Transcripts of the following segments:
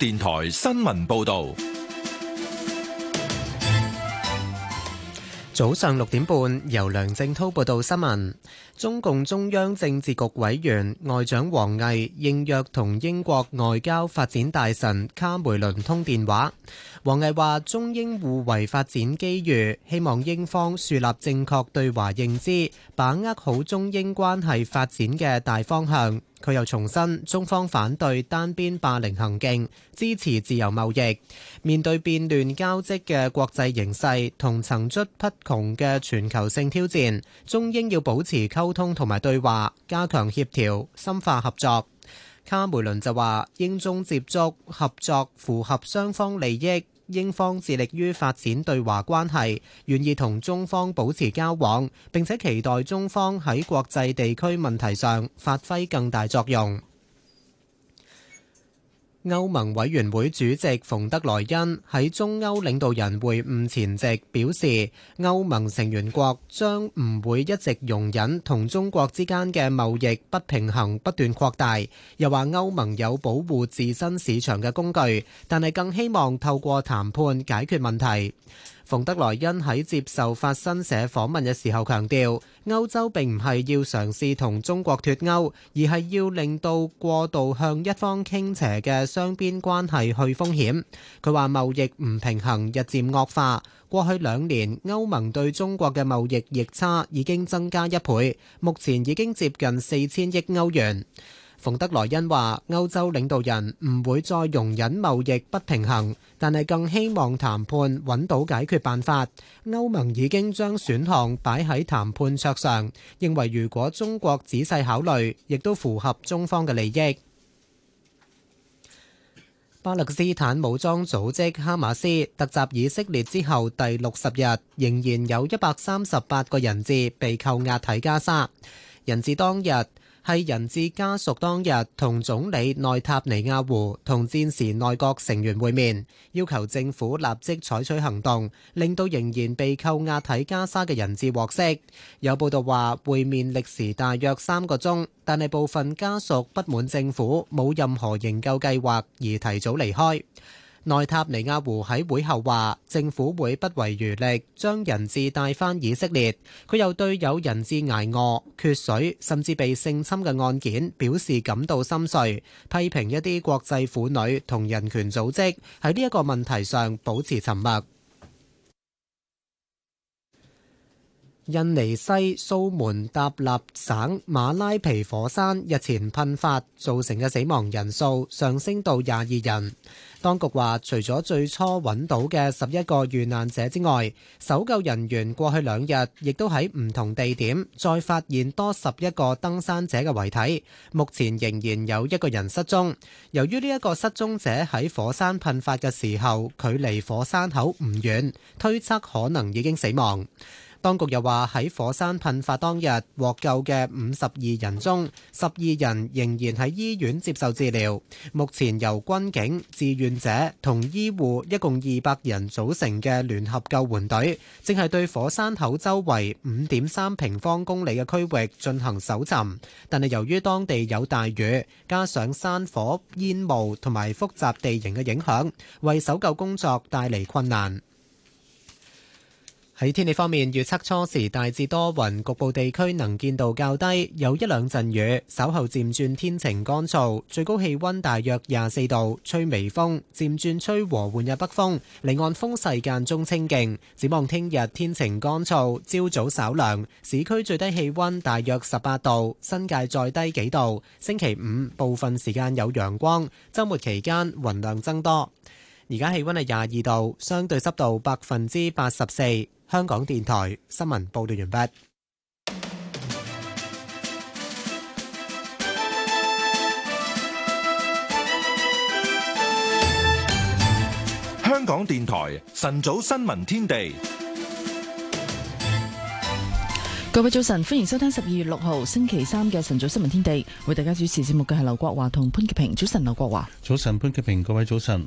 電台新聞報道，早上六點半，由梁正濤報道新聞。中共中央政治局委員外長王毅應約同英國外交發展大臣卡梅倫通電話。王毅話：中英互為發展機遇，希望英方樹立正確對華認知，把握好中英關係發展嘅大方向。佢又重申，中方反對單邊霸凌行徑，支持自由貿易。面對變亂交織嘅國際形勢同層出不窮嘅全球性挑戰，中英要保持溝通同埋對話，加強協調，深化合作。卡梅倫就話，英中接觸合作符合雙方利益。英方致力於發展對華關係，願意同中方保持交往，並且期待中方喺國際地區問題上發揮更大作用。歐盟委員會主席馮德萊恩喺中歐領導人會晤前夕表示，歐盟成員國將唔會一直容忍同中國之間嘅貿易不平衡不斷擴大。又話歐盟有保護自身市場嘅工具，但係更希望透過談判解決問題。馮德萊恩喺接受法新社訪問嘅時候強調，歐洲並唔係要嘗試同中國脱歐，而係要令到過度向一方傾斜嘅雙邊關係去風險。佢話貿易唔平衡日漸惡化，過去兩年歐盟對中國嘅貿易逆差已經增加一倍，目前已經接近四千億歐元。馮德萊恩話：歐洲領導人唔會再容忍貿易不平衡，但係更希望談判揾到解決辦法。歐盟已經將選項擺喺談判桌上，認為如果中國仔細考慮，亦都符合中方嘅利益。巴勒斯坦武裝組織哈馬斯突襲以色列之後第六十日，仍然有一百三十八個人質被扣押喺加沙。人質當日，係人質家屬當日同總理內塔尼亞胡同戰時內閣成員會面，要求政府立即採取行動，令到仍然被扣押喺加沙嘅人質獲釋。有報道話，會面歷時大約三個鐘，但係部分家屬不滿政府冇任何營救計劃而提早離開。內塔尼亞胡喺會後話，政府會不遺餘力將人質帶返以色列。佢又對有人質捱餓、缺水，甚至被性侵嘅案件表示感到心碎，批評一啲國際婦女同人權組織喺呢一個問題上保持沉默。印尼西蘇門答臘省馬拉皮火山日前噴發，造成嘅死亡人數上升到廿二人。當局話，除咗最初搵到嘅十一個遇難者之外，搜救人員過去兩日亦都喺唔同地點再發現多十一個登山者嘅遺體。目前仍然有一個人失蹤。由於呢一個失蹤者喺火山噴發嘅時候，距離火山口唔遠，推測可能已經死亡。當局又話喺火山噴發當日獲救嘅五十二人中，十二人仍然喺醫院接受治療。目前由軍警、志願者同醫護一共二百人組成嘅聯合救援隊，正係對火山口周圍五點三平方公里嘅區域進行搜尋。但係由於當地有大雨，加上山火、煙霧同埋複雜地形嘅影響，為搜救工作帶嚟困難。喺天氣方面，預測初時大致多雲，局部地區能見度較低，有一兩陣雨。稍後漸轉天晴乾燥，最高氣溫大約廿四度，吹微風，漸轉吹和緩日北風。離岸風勢間中清勁。展望聽日天晴乾燥，朝早稍涼，市區最低氣溫大約十八度，新界再低幾度。星期五部分時間有陽光，週末期間雲量增多。而家氣溫係廿二度，相對濕度百分之八十四。香港電台新聞報道完畢。香港電台晨早新聞天地，各位早晨，歡迎收聽十二月六號星期三嘅晨早新聞天地。為大家主持節目嘅係劉國華同潘潔平。早晨，劉國華。早晨，潘潔平。各位早晨。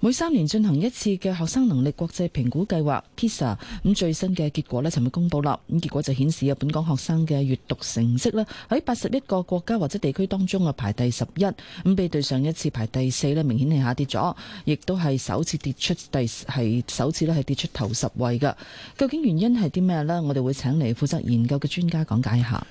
每三年進行一次嘅學生能力國際評估計劃 PISA，咁最新嘅結果呢，尋日公布啦。咁結果就顯示啊，本港學生嘅閱讀成績呢，喺八十一個國家或者地區當中啊，排第十一，咁比對上一次排第四呢，明顯係下跌咗，亦都係首次跌出第係首次呢係跌出頭十位嘅。究竟原因係啲咩呢？我哋會請嚟負責研究嘅專家講解一下。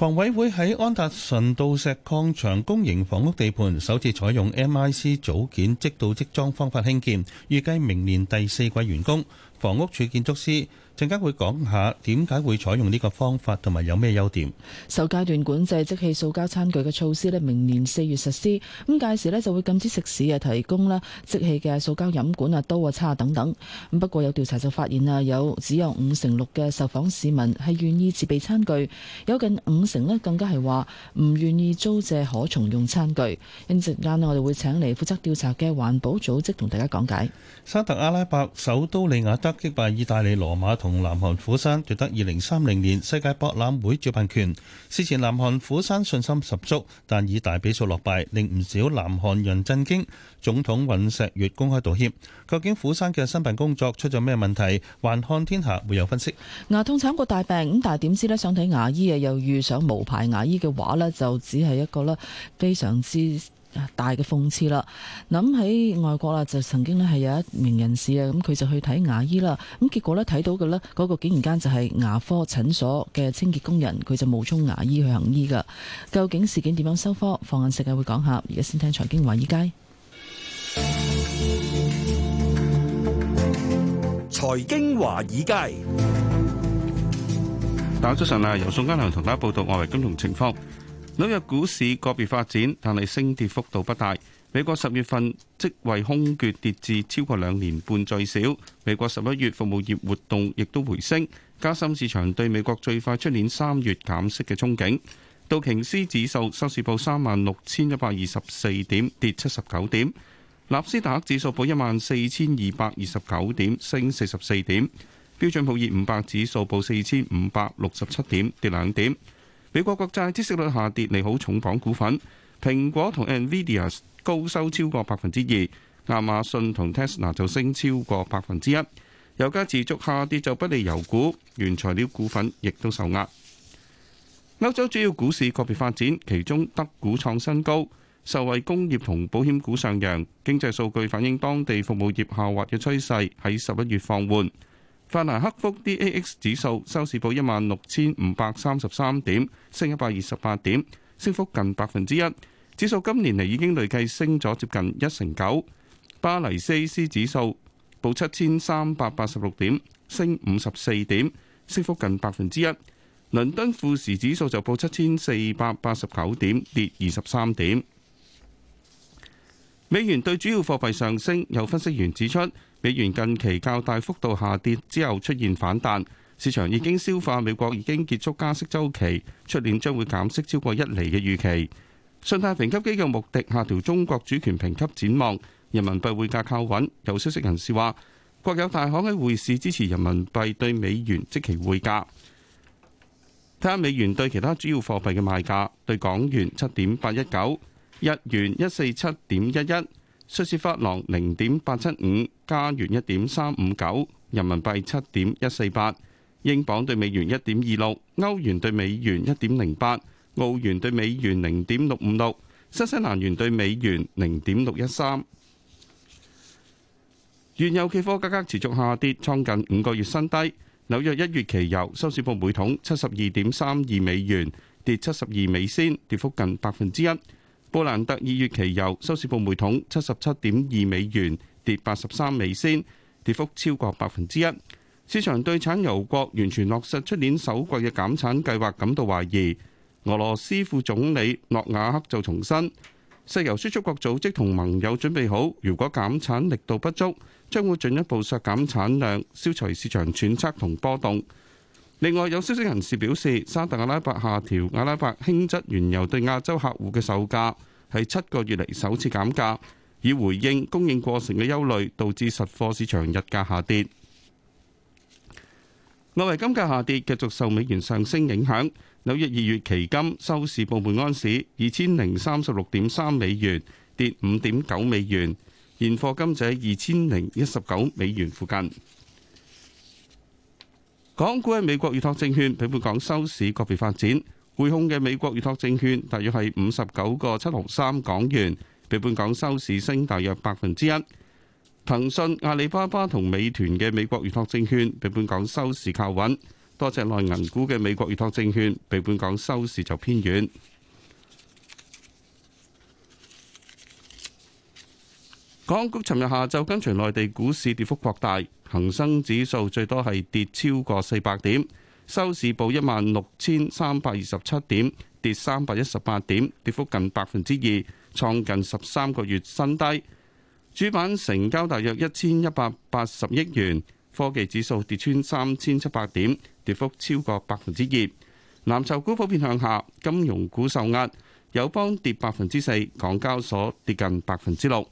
房委會喺安達臣道石礦場公營房屋地盤首次採用 MIC 組件即到即裝方法興建，預計明年第四季完工。房屋署建築師，陣間會講下點解會採用呢個方法，同埋有咩優點。首階段管制即棄塑膠餐具嘅措施咧，明年四月實施。咁屆時咧就會禁止食肆嘅提供啦，即棄嘅塑膠飲管啊、刀啊、叉等等。咁不過有調查就發現啊，有只有五成六嘅受訪市民係願意自備餐具，有近五成咧更加係話唔願意租借可重用餐具。一陣間咧，我哋會請嚟負責調查嘅環保組織同大家講解。沙特阿拉伯首都利雅德擊敗意大利羅馬同同南韓釜山奪得二零三零年世界博覽會主辦權，事前南韓釜山信心十足，但以大比數落敗，令唔少南韓人震驚。總統尹錫悅公開道歉。究竟釜山嘅申辦工作出咗咩問題？還看天下會有分析。牙痛慘過大病咁，但係點知呢？想睇牙醫啊，又遇上無牌牙醫嘅話呢就只係一個啦，非常之大嘅諷刺啦，諗喺外國啦，就曾經呢係有一名人士啊，咁佢就去睇牙醫啦，咁結果呢，睇到嘅呢嗰個竟然間就係牙科診所嘅清潔工人，佢就冒充牙醫去行醫噶。究竟事件點樣收科？放眼世界會講下，而家先聽財經華爾街。財經華爾街，大家早晨啊，由宋家良同大家報道外圍金融情況。紐約股市個別發展，但係升跌幅度不大。美國十月份職位空缺跌至超過兩年半最少。美國十一月服務業活動亦都回升，加深市場對美國最快出年三月減息嘅憧憬。道瓊斯指數收市報三萬六千一百二十四點，跌七十九點。納斯達克指數報一萬四千二百二十九點，升四十四點。標準普爾五百指數報四千五百六十七點，跌兩點。美國國債孳息率下跌，利好重磅股份。蘋果同 NVIDIA 高收超過百分之二，亞馬遜同 Tesla 就升超過百分之一。油價持續下跌就不利油股、原材料股份亦都受壓。歐洲主要股市個別發展，其中德股創新高，受惠工業同保險股上揚。經濟數據反映當地服務業下滑嘅趨勢喺十一月放緩。法蘭克福 DAX 指數收市報一萬六千五百三十三點，升一百二十八點，升幅近百分之一。指數今年嚟，已經累計升咗接近一成九。巴黎 CAC 指數報七千三百八十六點，升五十四點，升幅近百分之一。倫敦富時指數就報七千四百八十九點，跌二十三點。美元對主要貨幣上升，有分析員指出，美元近期較大幅度下跌之後出現反彈，市場已經消化美國已經結束加息周期，出年將會減息超過一厘嘅預期。信貸評級機構穆迪下調中國主權評級展望，人民幣匯價靠穩。有消息人士話，國有大行喺匯市支持人民幣對美元即期匯價。睇下美元對其他主要貨幣嘅賣價，對港元七點八一九，日元一四七點一一。瑞士法郎零點八七五，加元一點三五九，人民幣七點一四八，英鎊兌美元一點二六，歐元兌美元一點零八，澳元兌美元零點六五六，新西蘭元兌美元零點六一三。原油期貨價格持續下跌，創近五個月新低。紐約一月期油收市報每桶七十二點三二美元，跌七十二美仙，跌幅近百分之一。布蘭特二月期油收市報每桶七十七點二美元，跌八十三美仙，跌幅超過百分之一。市場對產油國完全落實出年首季嘅減產計劃感到懷疑。俄羅斯副總理諾瓦克就重申，石油輸出國組織同盟友準備好，如果減產力度不足，將會進一步削減產量，消除市場揣測同波動。另外，有消息人士表示，沙特阿拉伯下調阿拉伯輕質原油對亞洲客戶嘅售價，係七個月嚟首次減價，以回應供應過剩嘅憂慮，導致實貨市場日價下跌。外圍金價下跌，繼續受美元上升影響，紐約二月期金收市報每安士二千零三十六點三美元，跌五點九美元，現貨金就喺二千零一十九美元附近。港股嘅美國預託證券，比本港收市個別發展。匯控嘅美國預託證券大約係五十九個七毫三港元，比本港收市升大約百分之一。騰訊、阿里巴巴同美團嘅美國預託證券，比本港收市靠穩。多隻內銀股嘅美國預託證券，比本港收市就偏軟。港股尋日下晝跟隨內地股市跌幅擴大。恒生指數最多係跌超過四百點，收市報一萬六千三百二十七點，跌三百一十八點，跌幅近百分之二，創近十三個月新低。主板成交大約一千一百八十億元，科技指數跌穿三千七百點，跌幅超過百分之二。藍籌股普遍向下，金融股受壓，友邦跌百分之四，港交所跌近百分之六。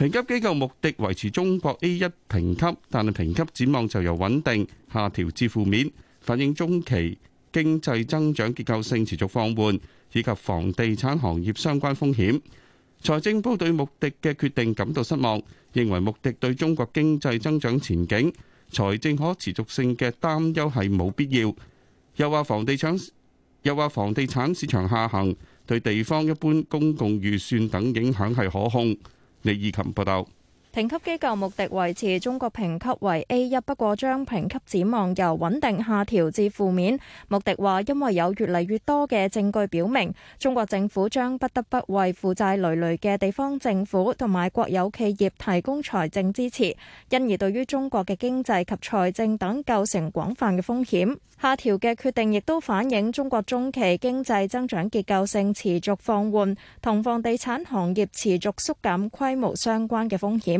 評級機構穆迪維持中國 A1 評級，但係評級展望就由穩定下調至負面，反映中期經濟增長結構性持續放緩以及房地產行業相關風險。財政部對穆迪嘅決定感到失望，認為穆迪對中國經濟增長前景、財政可持續性嘅擔憂係冇必要。又話房地產又話房地產市場下行對地方一般公共預算等影響係可控。李義勤報道。 評級機構穆迪維持中國評級為 A1，不過將評級展望由穩定下調至負面。穆迪話，因為有越嚟越多嘅證據表明，中國政府將不得不為負債累累嘅地方政府同埋國有企業提供財政支持，因而對於中國嘅經濟及財政等構成廣泛嘅風險。下調嘅決定亦都反映中國中期經濟增長結構性持續放緩，同房地產行業持續縮減規模相關嘅風險。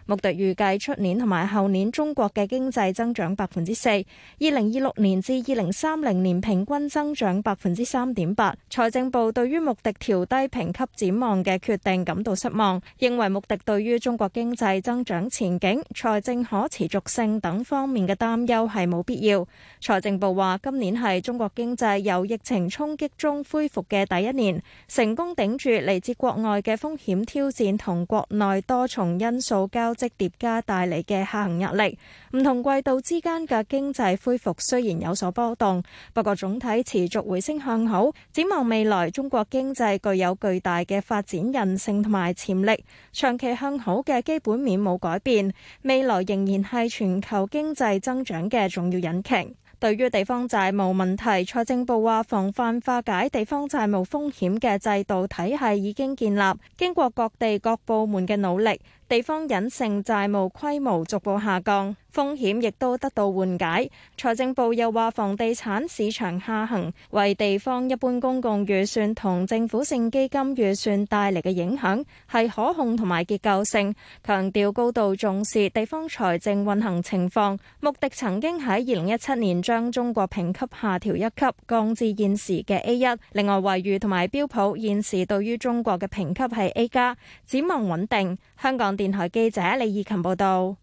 穆迪預計出年同埋後年中國嘅經濟增長百分之四，二零二六年至二零三零年平均增長百分之三點八。財政部對於穆迪調低評級展望嘅決定感到失望，認為穆迪對於中國經濟增長前景、財政可持續性等方面嘅擔憂係冇必要。財政部話，今年係中國經濟由疫情衝擊中恢復嘅第一年，成功頂住嚟自國外嘅風險挑戰同國內多重因素交即疊加帶嚟嘅下行壓力，唔同季度之間嘅經濟恢復雖然有所波動，不過總體持續回升向好。展望未來，中國經濟具有巨大嘅發展韌性同埋潛力，長期向好嘅基本面冇改變，未來仍然係全球經濟增長嘅重要引擎。對於地方債務問題，財政部話，防範化解地方債務風險嘅制度體系已經建立，經過各地各部門嘅努力，地方隱性債務規模逐步下降。風險亦都得到緩解。財政部又話，房地產市場下行為地方一般公共預算同政府性基金預算帶嚟嘅影響係可控同埋結構性，強調高度重視地方財政運行情況。穆迪曾經喺二零一七年將中國評級下調一級，降至現時嘅 A 一。另外，惠譽同埋標普現時對於中國嘅評級係 A 加，展望穩定。香港電台記者李以琴報道。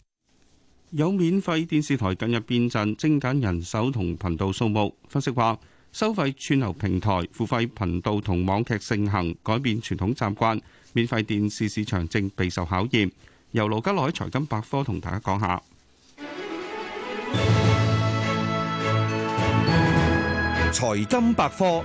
有免費電視台近日變陣精簡人手同頻道數目，分析話收費串流平台付費頻道同網劇盛行，改變傳統習慣，免費電視市場正備受考驗。由盧家萊財金百科同大家講下。財金百科。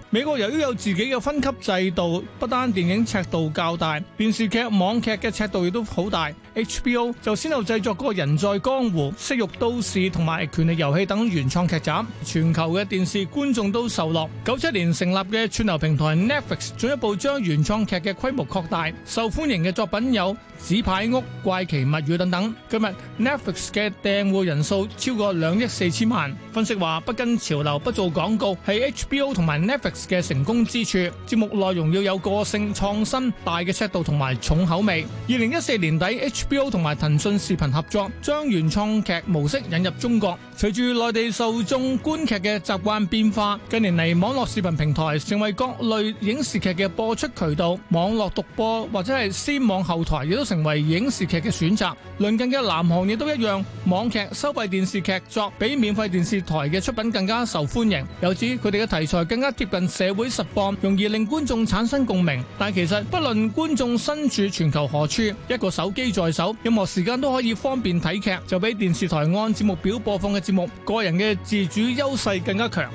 美國由於有自己嘅分級制度，不單電影尺度較大，電視劇、網劇嘅尺度亦都好大。HBO 就先後製作《嗰個人在江湖》、《色慾都市》同埋《權力遊戲》等原創劇集，全球嘅電視觀眾都受落。九七年成立嘅串流平台 Netflix 進一步將原創劇嘅規模擴大，受歡迎嘅作品有《紙牌屋》、《怪奇物語》等等。今日 Netflix 嘅訂戶人數超過兩億四千萬，分析話不跟潮流、不做廣告係 HBO 同埋 Netflix。嘅成功之處，節目內容要有個性創新、大嘅尺度同埋重口味。二零一四年底，HBO 同埋騰訊視頻合作，將原創劇模式引入中國，隨住內地受眾觀劇嘅習慣變化，近年嚟網絡視頻平台成為各類影視劇嘅播出渠道，網絡獨播或者係先網後台亦都成為影視劇嘅選擇。鄰近嘅南韓亦都一樣，網劇收費電視劇作比免費電視台嘅出品更加受歡迎，由此佢哋嘅題材更加貼近。社會實況容易令觀眾產生共鳴，但其實不論觀眾身處全球何處，一個手機在手，任何時間都可以方便睇劇，就比電視台按節目表播放嘅節目，個人嘅自主優勢更加強。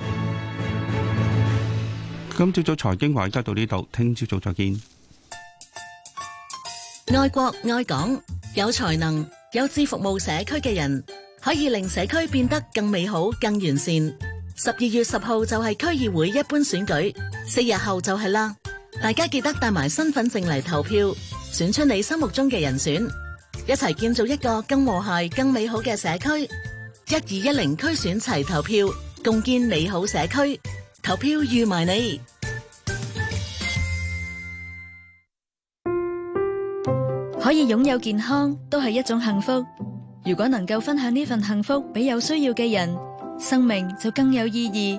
今朝早財經快車到呢度，聽朝早再見。愛國愛港，有才能、有志服務社區嘅人，可以令社區變得更美好、更完善。十二月十號就係區議會一般選舉，四日後就係啦，大家記得帶埋身份證嚟投票，選出你心目中嘅人選，一齊建造一個更和諧、更美好嘅社區。一二一零區選齊投票，共建美好社區，投票預埋你。可以擁有健康，都係一種幸福。如果能夠分享呢份幸福俾有需要嘅人。生命就更有意義。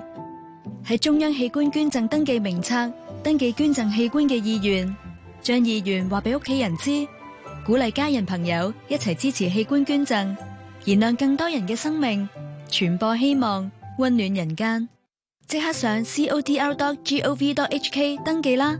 喺中央器官捐贈登記名冊登記捐贈器官嘅意願，將意願話俾屋企人知，鼓勵家人朋友一齊支持器官捐贈，燃亮更多人嘅生命，傳播希望，溫暖人間。即刻上 codr.gov.hk 登記啦！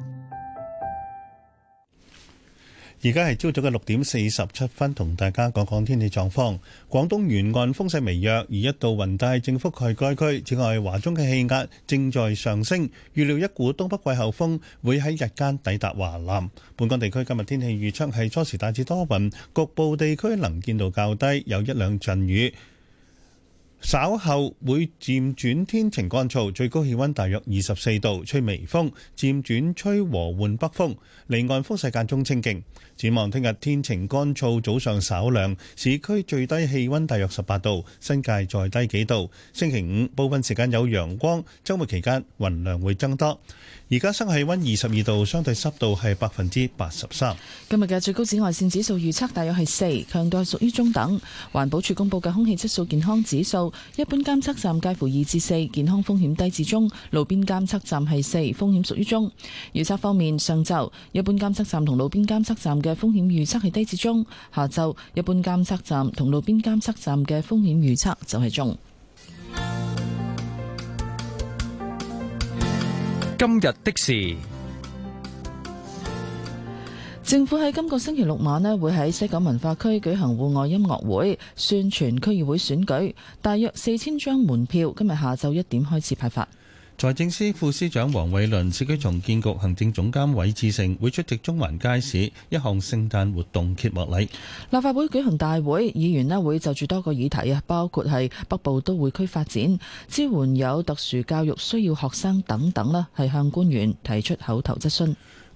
而家係朝早嘅六點四十七分，同大家講講天氣狀況。廣東沿岸風勢微弱，而一度雲帶正覆蓋該區。此外，華中嘅氣壓正在上升，預料一股東北季候風會喺日間抵達華南。本港地區今日天氣預測係初時大致多雲，局部地區能見度較低，有一兩陣雨。稍後會漸轉天晴乾燥，最高氣温大約二十四度，吹微風，漸轉吹和緩北風，離岸風勢間中清勁。展望聽日天晴乾燥，早上稍涼，市區最低氣溫大約十八度，新界再低幾度。星期五部分時間有陽光，周末期間雲量會增多。而家室氣溫二十二度，相對濕度係百分之八十三。今日嘅最高紫外線指數預測大約係四，強度係屬於中等。環保署公佈嘅空氣質素健康指數，一般監測站介乎二至四，健康風險低至中；路邊監測站係四，風險屬於中。預測方面，上晝一般監測站同路邊監測站嘅嘅風險預測係低至中，下晝一般監測站同路邊監測站嘅風險預測就係中。今日的事，政府喺今個星期六晚呢會喺西九文化區舉行戶外音樂會，宣傳區議會選舉，大約四千張門票，今日下晝一點開始派發。財政司副司長黃偉綸、市區重建局行政總監韋志成會出席中環街市一項聖誕活動揭幕禮。立法會舉行大會，議員呢，會就住多個議題啊，包括係北部都會區發展、支援有特殊教育需要學生等等啦，係向官員提出口頭質詢。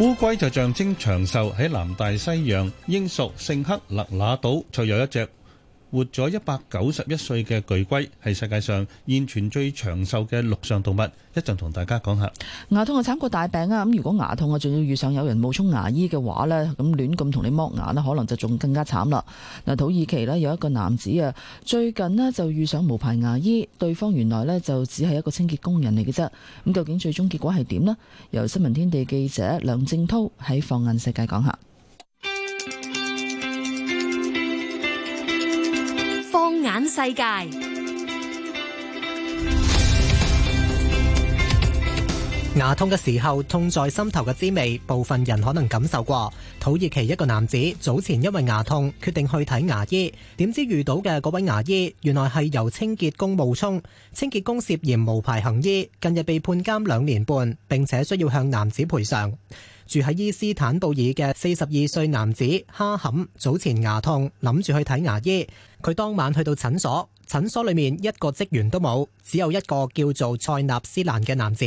烏龜就象徵長壽，喺南大西洋英屬聖赫勒拿島就有一隻。活咗一百九十一歲嘅巨龜係世界上現存最長壽嘅陸上動物，一陣同大家講下。牙痛啊，慘過大病啊！咁如果牙痛啊，仲要遇上有人冒充牙醫嘅話呢，咁亂咁同你剝牙呢，可能就仲更加慘啦。嗱，土耳其呢有一個男子啊，最近呢就遇上無牌牙醫，對方原來呢就只係一個清潔工人嚟嘅啫。咁究竟最終結果係點呢？由新聞天地記者梁正濤喺放眼世界講下。世界牙痛嘅時候，痛在心頭嘅滋味，部分人可能感受過。土耳其一個男子早前因為牙痛，決定去睇牙醫，點知遇到嘅嗰位牙醫，原來係由清潔工冒充。清潔工涉嫌無牌行醫，近日被判監兩年半，並且需要向男子賠償。住喺伊斯坦布爾嘅四十二歲男子哈坎早前牙痛，諗住去睇牙醫。佢當晚去到診所，診所裏面一個職員都冇，只有一個叫做塞納斯蘭嘅男子。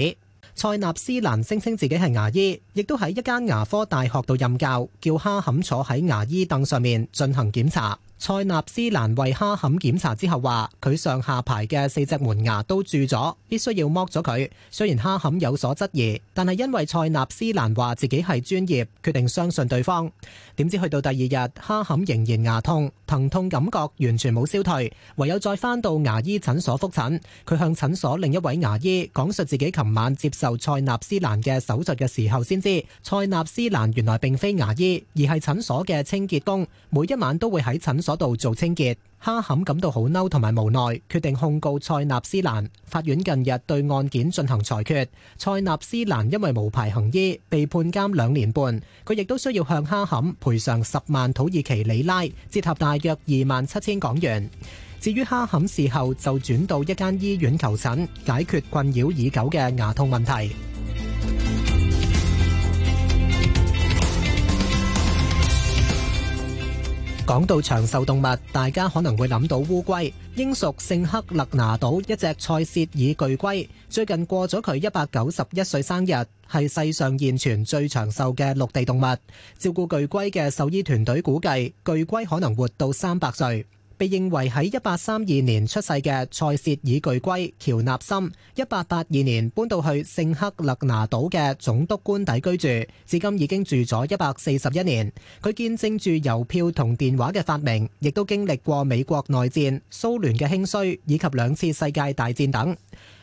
塞納斯蘭聲稱自己係牙醫，亦都喺一間牙科大學度任教，叫哈坎坐喺牙醫凳上面進行檢查。塞納斯蘭為哈坎檢查之後話，佢上下排嘅四隻門牙都蛀咗，必須要剝咗佢。雖然哈坎有所質疑，但係因為塞納斯蘭話自己係專業，決定相信對方。點知去到第二日，哈坎仍然牙痛。疼痛感覺完全冇消退，唯有再返到牙醫診所覆診。佢向診所另一位牙醫講述自己琴晚接受塞納斯蘭嘅手術嘅時候，先知塞納斯蘭原來並非牙醫，而係診所嘅清潔工，每一晚都會喺診所度做清潔。哈坎感到好嬲同埋無奈，決定控告塞納斯蘭。法院近日對案件進行裁決，塞納斯蘭因為無牌行醫被判監兩年半。佢亦都需要向哈坎賠償十萬土耳其里拉，折合大約二萬七千港元。至於哈坎事後就轉到一間醫院求診，解決困擾已久嘅牙痛問題。講到長壽動物，大家可能會諗到烏龜。英屬聖克勒拿島一隻塞舌爾巨龜，最近過咗佢一百九十一歲生日，係世上現存最長壽嘅陸地動物。照顧巨龜嘅獸醫團隊估計，巨龜可能活到三百歲。被認為喺一八三二年出世嘅塞舌爾巨龜喬納森，一八八二年搬到去聖克勒拿島嘅總督官邸居住，至今已經住咗一百四十一年。佢見證住郵票同電話嘅發明，亦都經歷過美國內戰、蘇聯嘅興衰以及兩次世界大戰等。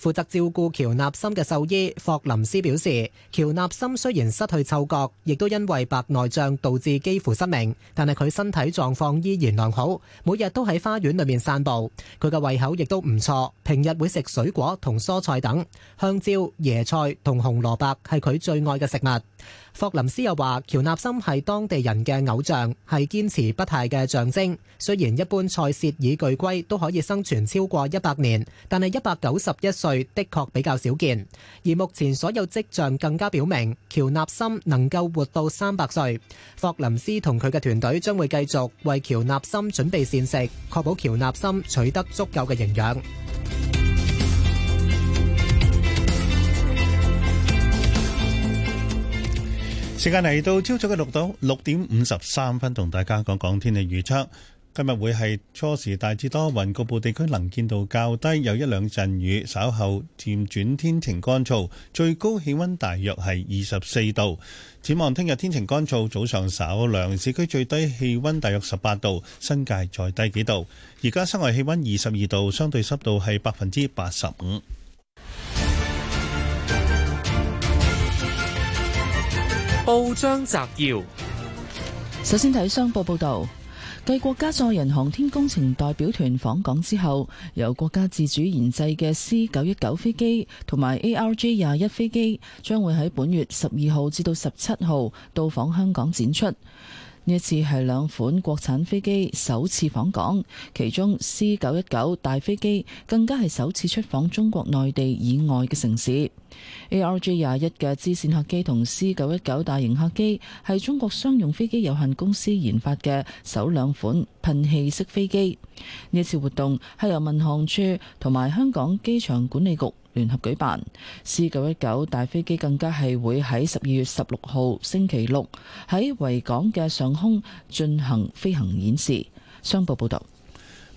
負責照顧喬納森嘅獸醫霍林斯表示，喬納森雖然失去嗅覺，亦都因為白內障導致幾乎失明，但係佢身體狀況依然良好，每日都喺花園裏面散步。佢嘅胃口亦都唔錯，平日會食水果同蔬菜等，香蕉、椰菜同紅蘿蔔係佢最愛嘅食物。霍林斯又話：喬納森係當地人嘅偶像，係堅持不懈嘅象徵。雖然一般塞舌爾巨龜都可以生存超過一百年，但係一百九十一歲的確比較少見。而目前所有跡象更加表明，喬納森能夠活到三百歲。霍林斯同佢嘅團隊將會繼續為喬納森準備膳食，確保喬納森取得足夠嘅營養。時間嚟到朝早嘅六度，六點五十三分，同大家講講天氣預測。今日會係初時大致多雲，局部地區能見度較低，有一兩陣雨，稍後漸轉天晴乾燥，最高氣溫大約係二十四度。展望聽日天晴乾燥，早上稍涼，市區最低氣温大約十八度，新界再低幾度。而家室外氣温二十二度，相對濕度係百分之八十五。報章摘要：首先睇商報報道，繼國家載人航天工程代表團訪港之後，由國家自主研製嘅 C 九一九飛機同埋 ARJ 廿一飛機將會喺本月十二號至到十七號到訪香港展出。呢一次係兩款國產飛機首次訪港，其中 C 九一九大飛機更加係首次出訪中國內地以外嘅城市。ARJ 廿一嘅支綫客機同 C 九一九大型客機係中國商用飛機有限公司研發嘅首兩款噴氣式飛機。呢次活動係由民航處同埋香港機場管理局聯合舉辦。C919 大飛機更加係會喺十二月十六號星期六喺維港嘅上空進行飛行演示。商報報道：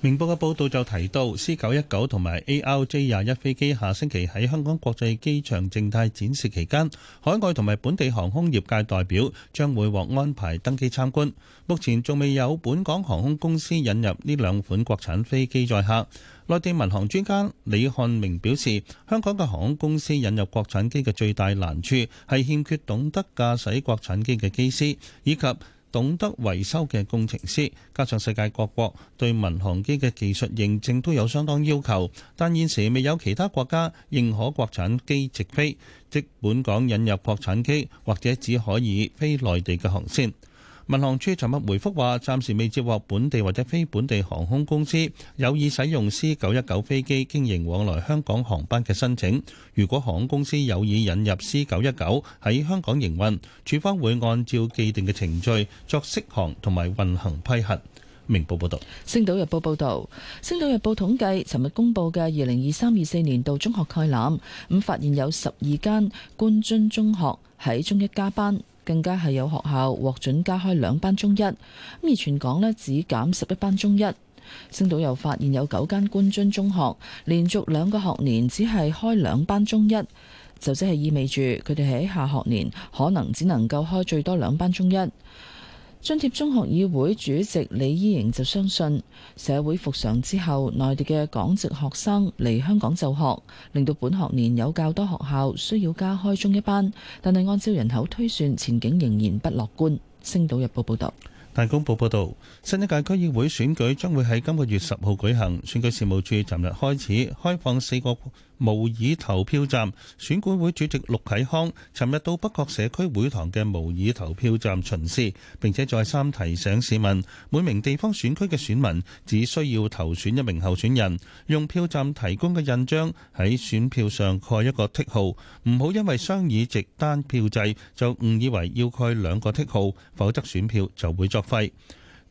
明報嘅報導就提到 C919 同埋 ARJ 廿一飛機下星期喺香港國際機場靜態展示期間，海外同埋本地航空業界代表將會獲安排登機參觀。目前仲未有本港航空公司引入呢兩款國產飛機載客。內地民航專家李漢明表示，香港嘅航空公司引入國產機嘅最大難處係欠缺懂得駕駛國產機嘅機師，以及懂得維修嘅工程師。加上世界各國對民航機嘅技術認證都有相當要求，但現時未有其他國家認可國產機直飛，即本港引入國產機，或者只可以飛內地嘅航線。民航處尋日回覆話，暫時未接獲本地或者非本地航空公司有意使用 C919 飛機經營往來香港航班嘅申請。如果航空公司有意引入 C919 喺香港營運，處方會按照既定嘅程序作適航同埋運行批核。明報報道。《星島日報》報道，《星島日報》統計尋日公布嘅二零二三二四年度中學概覽，咁發現有十二間冠津中學喺中一加班。更加係有學校獲准加開兩班中一，咁而全港咧只減十一班中一。星島又發現有九間官津中學連續兩個學年只係開兩班中一，就即係意味住佢哋喺下學年可能只能夠開最多兩班中一。津貼中學議會主席李依瑩就相信，社會復常之後，內地嘅港籍學生嚟香港就學，令到本學年有較多學校需要加開中一班，但係按照人口推算，前景仍然不樂觀。星島日報報道，大公報報道，新一屆區議會選舉將會喺今個月十號舉行，選舉事務處尋日開始開放四個。模擬投票站，選管會主席陸啟康尋日到北角社區會堂嘅模擬投票站巡視，並且再三提醒市民，每名地方選區嘅選民只需要投選一名候選人，用票站提供嘅印章喺選票上蓋一個剔號，唔好因為雙議席單票制就誤以為要蓋兩個剔號，否則選票就會作廢。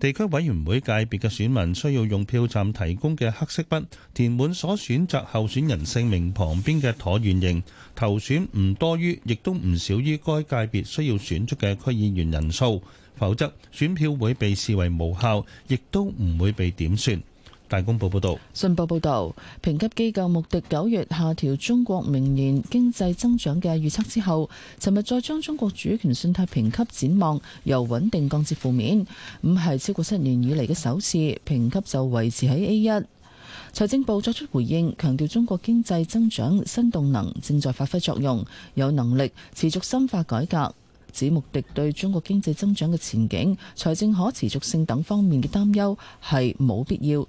地區委員會界別嘅選民需要用票站提供嘅黑色筆填滿所選擇候選人姓名旁邊嘅橢圓形，投選唔多於，亦都唔少於該界別需要選出嘅區議員人數，否則選票會被視為無效，亦都唔會被點算。大公報報道，信報報道，評級機構穆迪九月下調中國明年經濟增長嘅預測之後，尋日再將中國主權信貸評級展望由穩定降至負面，唔係超過七年以嚟嘅首次評級就維持喺 A 一。財政部作出回應，強調中國經濟增長新動能正在發揮作用，有能力持續深化改革。指穆迪對中國經濟增長嘅前景、財政可持續性等方面嘅擔憂係冇必要，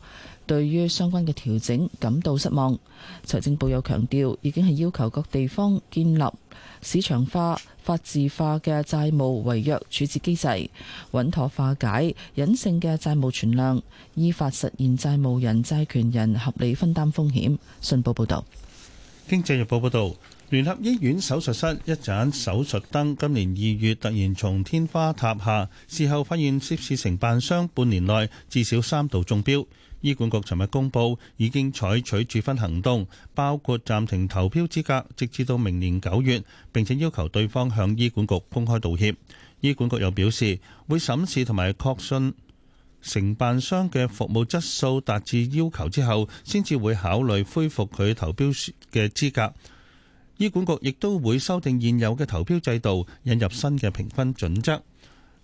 對於相關嘅調整感到失望。財政部又強調，已經係要求各地方建立市場化、法治化嘅債務違約處置機制，穩妥化解隱性嘅債務存量，依法實現債務人、債權人合理分擔風險。信報報道。經濟日報報道。聯合醫院手術室一盞手術燈，今年二月突然從天花塌下。事後發現涉事承辦商半年內至少三度中標。醫管局尋日公佈已經採取處分行動，包括暫停投標資格，直至到明年九月。並且要求對方向醫管局公開道歉。醫管局又表示會審視同埋確信承辦商嘅服務質素達至要求之後，先至會考慮恢復佢投標嘅資格。醫管局亦都會修訂現有嘅投標制度，引入新嘅評分準則。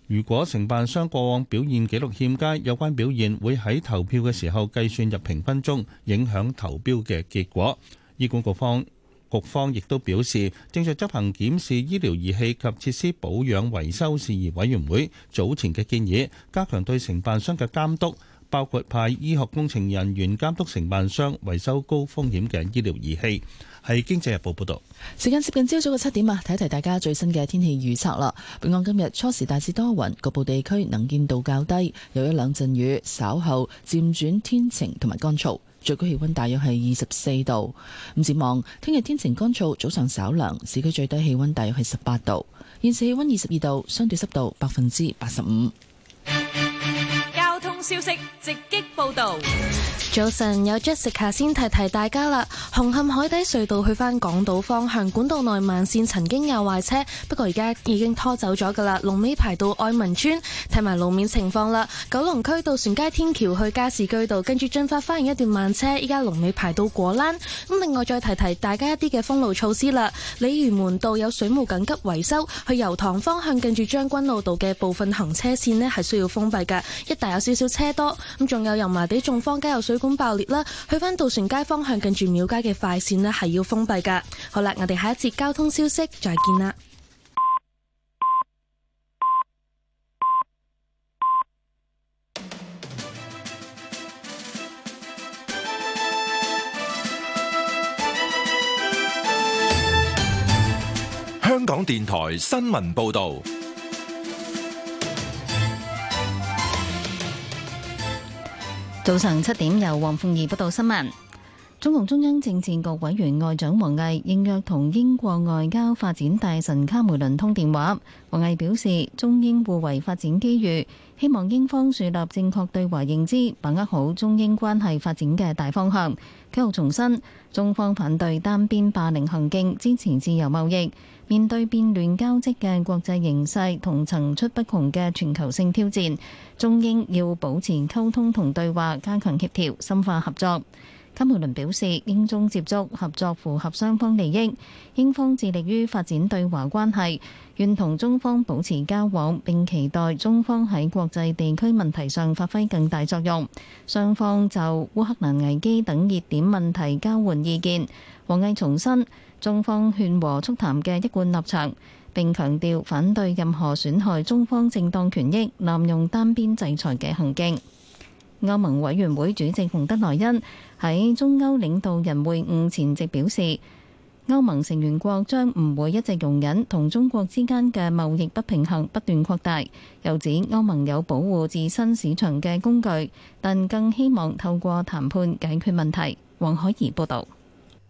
如果承辦商過往表現記錄欠佳，有關表現會喺投票嘅時候計算入評分中，影響投標嘅結果。醫管局方局方亦都表示，正在執行檢視醫療儀器及設施保養維修事宜委員會早前嘅建議，加強對承辦商嘅監督，包括派醫學工程人員監督承辦商維修高風險嘅醫療儀器。係《經濟日報》報道，時間接近朝早嘅七點啊，睇一睇大家最新嘅天氣預測啦。本港今日初時大致多雲，局部地區能見度較低，有一兩陣雨，稍後漸轉天晴同埋乾燥，最高氣溫大約係二十四度。咁展望聽日天，天晴乾燥，早上稍涼，市區最低氣溫大約係十八度。現時氣溫二十二度，相對濕度百分之八十五。交通消息直擊報道。早晨，有 Jessica 先提提大家啦。紅磡海底隧道去返港島方向，管道內慢線曾經有壞車，不過而家已經拖走咗噶啦。龍尾排到愛民邨，睇埋路面情況啦。九龍區渡船街天橋去加士居道，跟住進發翻完一段慢車，依家龍尾排到果欄。咁另外再提提大家一啲嘅封路措施啦。鯉魚門道有水務緊急維修，去油塘方向跟住將軍澳道嘅部分行車線呢係需要封閉噶，一帶有少少車多。咁仲有油麻地眾坊街有水。管爆裂啦，去翻渡船街方向，近住廟街嘅快線呢，係要封閉噶。好啦，我哋下一節交通消息再見啦。香港電台新聞報道。早上七點由鳳，由黃鳳儀報道新聞。中共中央政治局委員外長王毅應約同英國外交發展大臣卡梅倫通電話。王毅表示，中英互為發展機遇，希望英方樹立正確對華認知，把握好中英關係發展嘅大方向。他又重申，中方反對單邊霸凌行徑，支持自由貿易。面對變亂交織嘅國際形勢同層出不窮嘅全球性挑戰，中英要保持溝通同對話，加強協調，深化合作。卡梅倫表示，英中接觸合作符合雙方利益，英方致力於發展對華關係，願同中方保持交往，並期待中方喺國際地區問題上發揮更大作用。雙方就烏克蘭危機等熱點問題交換意見。王毅重申中方勸和促談嘅一貫立場，並強調反對任何損害中方正當權益、濫用單邊制裁嘅行徑。歐盟委員會主席馮德萊恩喺中歐領導人會晤前夕表示，歐盟成員國將唔會一直容忍同中國之間嘅貿易不平衡不斷擴大。又指歐盟有保護自身市場嘅工具，但更希望透過談判解決問題。黃海怡報導。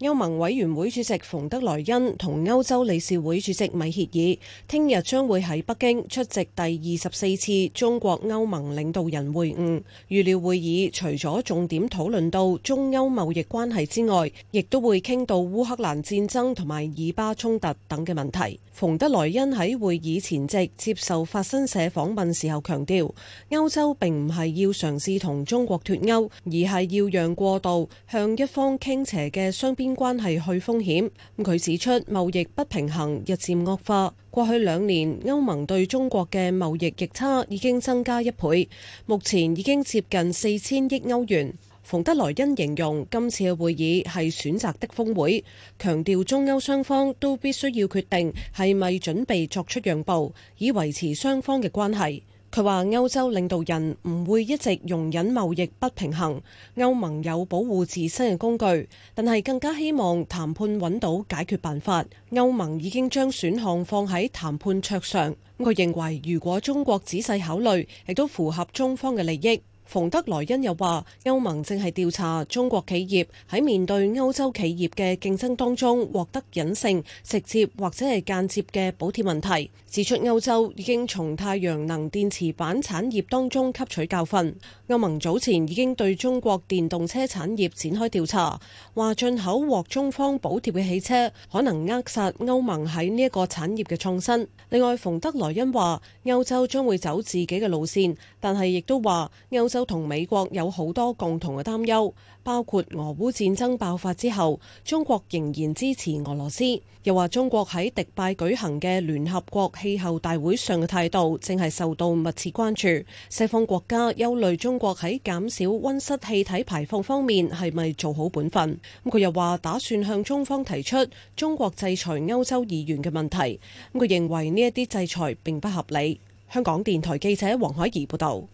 歐盟委員會主席馮德萊恩同歐洲理事會主席米歇爾聽日將會喺北京出席第二十四次中國歐盟領導人會晤，預料會議除咗重點討論到中歐貿易關係之外，亦都會傾到烏克蘭戰爭同埋以巴衝突等嘅問題。馮德萊恩喺會議前夕接受法新社訪問時候強調，歐洲並唔係要嘗試同中國脫歐，而係要讓過度向一方傾斜嘅雙邊關係去風險。佢指出，貿易不平衡日漸惡化，過去兩年歐盟對中國嘅貿易逆差已經增加一倍，目前已經接近四千億歐元。馮德萊恩形容今次嘅會議係選擇的峰會，強調中歐雙方都必須要決定係咪準備作出讓步，以維持雙方嘅關係。佢話歐洲領導人唔會一直容忍貿易不平衡，歐盟有保護自身嘅工具，但係更加希望談判揾到解決辦法。歐盟已經將選項放喺談判桌上，佢認為如果中國仔細考慮，亦都符合中方嘅利益。馮德萊恩又話，歐盟正係調查中國企業喺面對歐洲企業嘅競爭當中獲得隱性、直接或者係間接嘅補貼問題。指出歐洲已經從太陽能電池板產業當中吸取教訓。歐盟早前已經對中國電動車產業展開調查，話進口獲中方補貼嘅汽車可能扼殺歐盟喺呢一個產業嘅創新。另外，馮德萊恩話，歐洲將會走自己嘅路線。但係亦都話歐洲同美國有好多共同嘅擔憂，包括俄烏戰爭爆發之後，中國仍然支持俄羅斯。又話中國喺迪拜舉行嘅聯合國氣候大會上嘅態度正係受到密切關注，西方國家憂慮中國喺減少溫室氣體排放方面係咪做好本分。咁佢又話打算向中方提出中國制裁歐洲議員嘅問題。咁佢認為呢一啲制裁並不合理。香港電臺記者王海怡報道：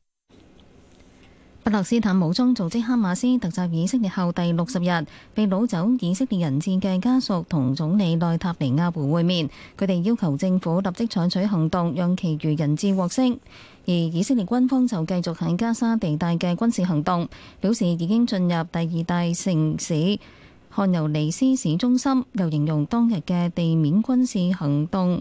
巴勒斯坦武裝組織哈馬斯突襲以色列後第六十日，被擄走以色列人質嘅家屬同總理內塔尼亞胡會面，佢哋要求政府立即採取行動，讓其餘人質獲釋。而以色列軍方就繼續喺加沙地帶嘅軍事行動，表示已經進入第二大城市漢尤尼斯市中心，又形容當日嘅地面軍事行動。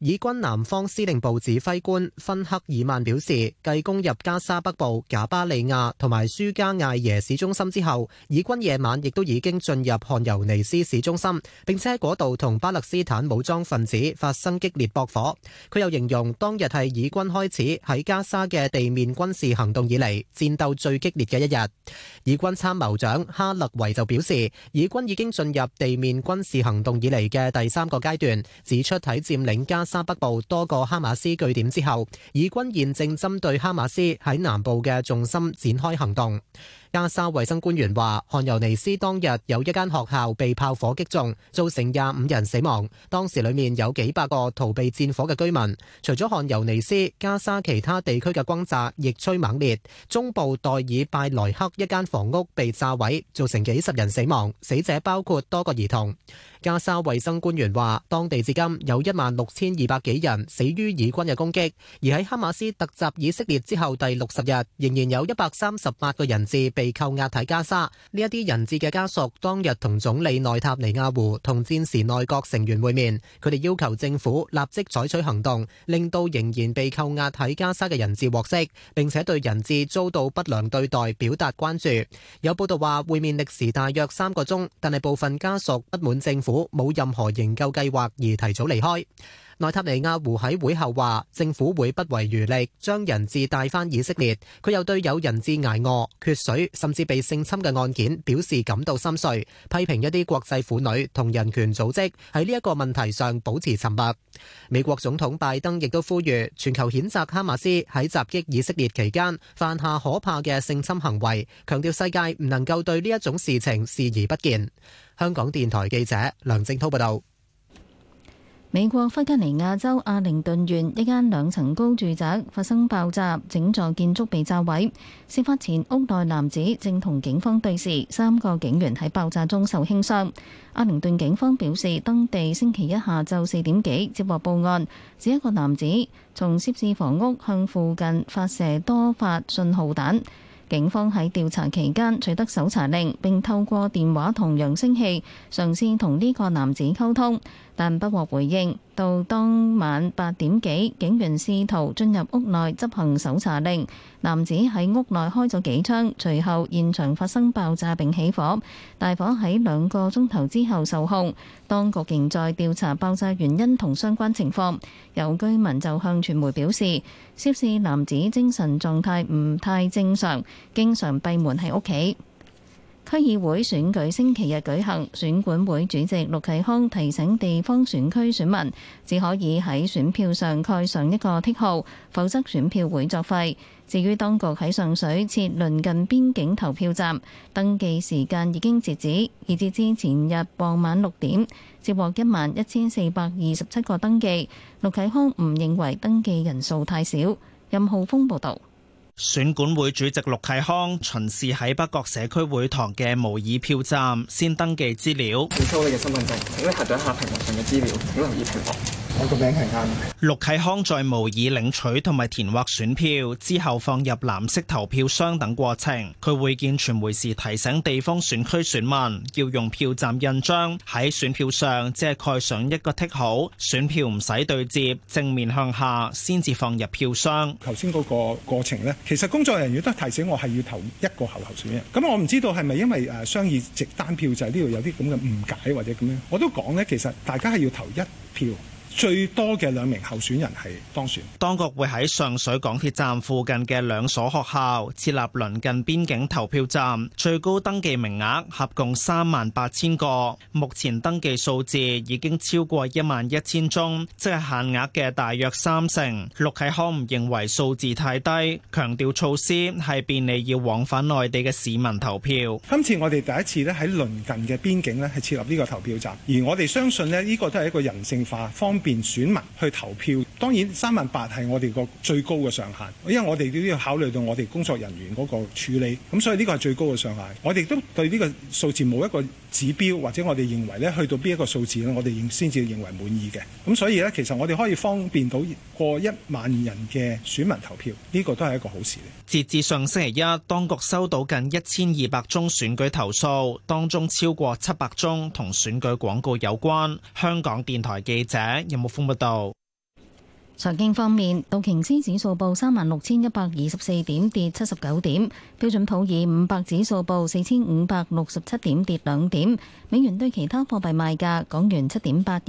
以軍南方司令部指揮官芬克爾曼表示，繼攻入加沙北部賈巴利亞同埋舒加艾耶市中心之後，以軍夜晚亦都已經進入汗尤尼斯市中心，並且喺嗰度同巴勒斯坦武裝分子發生激烈駁火。佢又形容當日係以軍開始喺加沙嘅地面軍事行動以嚟戰鬥最激烈嘅一日。以軍參謀長哈勒維就表示，以軍已經進入地面軍事行動以嚟嘅第三個階段，指出喺佔領加。沙北部多個哈馬斯據點之後，以軍現正針對哈馬斯喺南部嘅重心展開行動。加沙衛生官員話，漢尤尼斯當日有一間學校被炮火擊中，造成廿五人死亡。當時裏面有幾百個逃避戰火嘅居民。除咗漢尤尼斯，加沙其他地區嘅轟炸亦趨猛烈。中部代爾拜萊克一間房屋被炸毀，造成幾十人死亡，死者包括多個兒童。加沙衛生官員話，當地至今有一萬六千二百幾人死於以軍嘅攻擊，而喺哈馬斯突襲以色列之後第六十日，仍然有一百三十八個人質。被扣押喺加沙呢一啲人質嘅家屬當日同總理內塔尼亞胡同戰時內閣成員會面，佢哋要求政府立即採取行動，令到仍然被扣押喺加沙嘅人質獲釋，並且對人質遭到不良對待表達關注。有報道話會面歷時大約三個鐘，但係部分家屬不滿政府冇任何營救計劃而提早離開。內塔尼亞胡喺會後，話政府會不遺餘力將人質帶返以色列，佢又對有人質捱餓、缺水、甚至被性侵嘅案件表示感到心碎，批評一啲國際婦女同人權組織喺呢個問題上保持沉默。美國總統拜登亦都呼籲，全球譴責哈馬斯喺襲擊以色列期間犯下可怕嘅性侵行為，強調世界唔能夠對呢種事情視而不見。香港電台記者梁正滔報道。美國弗吉尼亞州阿靈頓縣一間兩層高住宅發生爆炸，整座建築被炸毀。事發前，屋內男子正同警方對峙，三個警員喺爆炸中受輕傷。阿靈頓警方表示，當地星期一下晝四點幾接獲報案，指一個男子從涉事房屋向附近發射多發信號彈。警方喺調查期間取得搜查令，並透過電話同揚聲器嘗試同呢個男子溝通。但不獲回應。到當晚八點幾，警員試圖進入屋內執行搜查令，男子喺屋內開咗幾槍，隨後現場發生爆炸並起火，大火喺兩個鐘頭之後受控。當局仍在調查爆炸原因同相關情況。有居民就向傳媒表示，涉事男子精神狀態唔太正常，經常閉門喺屋企。區議會選舉星期日舉行，選管會主席陸啟康提醒地方選區選民，只可以喺選票上蓋上一個剔號，否則選票會作廢。至於當局喺上水設鄰近邊境投票站，登記時間已經截止，已截至前日傍晚六點，接獲一萬一千四百二十七個登記。陸啟康唔認為登記人數太少。任浩峰報導。選管會主席陸啟康巡視喺北角社區會堂嘅模擬票站，先登記資料，料。請出示你嘅身份證，請你核對一下，係咪你嘅資料？好，一齊。我個名係啱。陸啟康在模擬領取同埋填劃選票之後，放入藍色投票箱等過程。佢會見傳媒時提醒地方選區選民要用票站印章喺選票上即係蓋上一個剔號，選票唔使對摺，正面向下先至放入票箱。頭先嗰個過程呢，其實工作人員都提醒我係要投一個候候選人。咁我唔知道係咪因為誒雙議席單票制就呢度有啲咁嘅誤解或者咁樣？我都講呢，其實大家係要投一票。最多嘅兩名候選人係當選。當局會喺上水港鐵站附近嘅兩所學校設立鄰近邊境投票站，最高登記名額合共三萬八千個，目前登記數字已經超過一萬一千宗，即係限額嘅大約三成。陸啟康唔認為數字太低，強調措施係便利要往返內地嘅市民投票。今次我哋第一次咧喺鄰近嘅邊境咧係設立呢個投票站，而我哋相信咧呢個都係一個人性化、方便。便選民去投票，當然三萬八係我哋個最高嘅上限，因為我哋都要考慮到我哋工作人員嗰個處理，咁所以呢個係最高嘅上限。我哋都對呢個數字冇一個指標或者我哋認為咧，去到邊一個數字咧，我哋先至認為滿意嘅。咁所以咧，其實我哋可以方便到過一萬人嘅選民投票，呢個都係一個好事。截至上星期一，當局收到近一千二百宗選舉投訴，當中超過七百宗同選舉廣告有關。香港電台記者。木豐報道。財經方面，道瓊斯指數報三萬六千一百二十四點，跌七十九點；標準普爾五百指數報四千五百六十七點，跌兩點。美元對其他貨幣賣價：港元七點八二，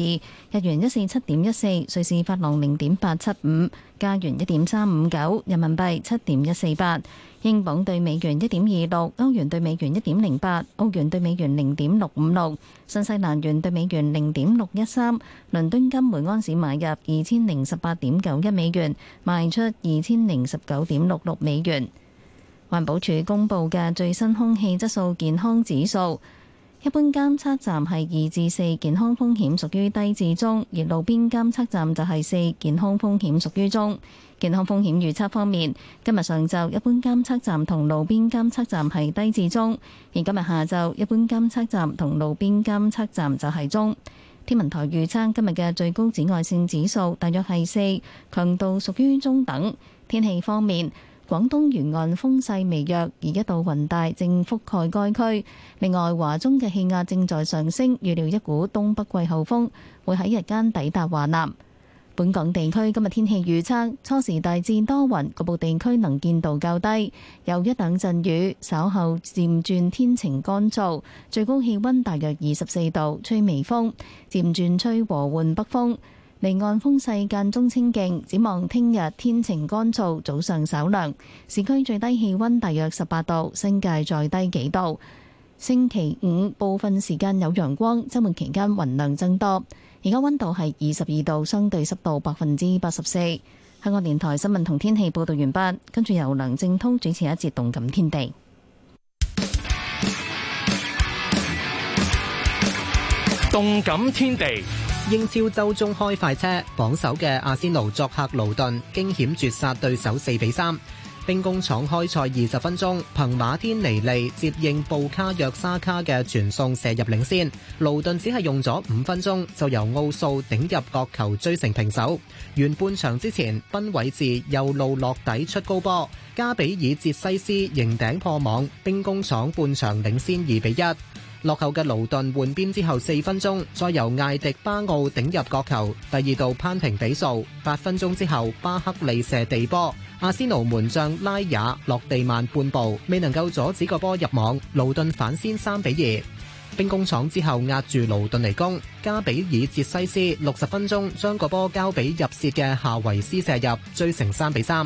日元一四七點一四，瑞士法郎零點八七五。加元一點三五九，人民幣七點一四八，英鎊對美元一點二六，歐元對美元一點零八，澳元對美元零點六五六，新西蘭元對美元零點六一三，倫敦金每盎司買入二千零十八點九一美元，賣出二千零十九點六六美元。環保署公布嘅最新空氣質素健康指數。一般監測站係二至四，健康風險屬於低至中；而路邊監測站就係四，健康風險屬於中。健康風險預測方面，今日上晝一般監測站同路邊監測站係低至中，而今日下晝一般監測站同路邊監測站就係中。天文台預測今日嘅最高紫外線指數大約係四，強度屬於中等。天氣方面。廣東沿岸風勢微弱，而一道雲帶正覆蓋該區。另外，華中嘅氣壓正在上升，預料一股東北季候風會喺日間抵達華南。本港地區今日天氣預測：初時大致多雲，局部地區能見度較低，有一等陣雨，稍後漸轉天晴乾燥。最高氣溫大約二十四度，吹微風，漸轉吹和緩北風。離岸風勢間中清勁，展望聽日天晴乾燥，早上稍涼，市區最低氣溫大約十八度，新界再低幾度。星期五部分時間有陽光，周末期間雲量增多。而家溫度係二十二度，相對濕度百分之八十四。香港電台新聞同天氣報道完畢，跟住由梁正通主持一節動感天地。動感天地。英超周中開快車，榜首嘅阿仙奴作客盧頓，驚險絕殺對手四比三。兵工廠開賽二十分鐘，憑馬天尼利接應布卡約沙卡嘅傳送射入領先。盧頓只係用咗五分鐘，就由奧數頂入角球追成平手。完半場之前，賓偉治右路落底出高波，加比爾捷西斯迎頂破網，兵工廠半場領先二比一。落後嘅勞頓換邊之後四分鐘，再由艾迪巴奧頂入角球，第二度攀平比數。八分鐘之後，巴克利射地波，阿仙奴門將拉雅落地慢半步，未能夠阻止個波入網，勞頓反先三比二。兵工廠之後壓住勞頓嚟攻，加比爾哲西斯六十分鐘將個波交俾入楔嘅夏維斯射入，追成三比三。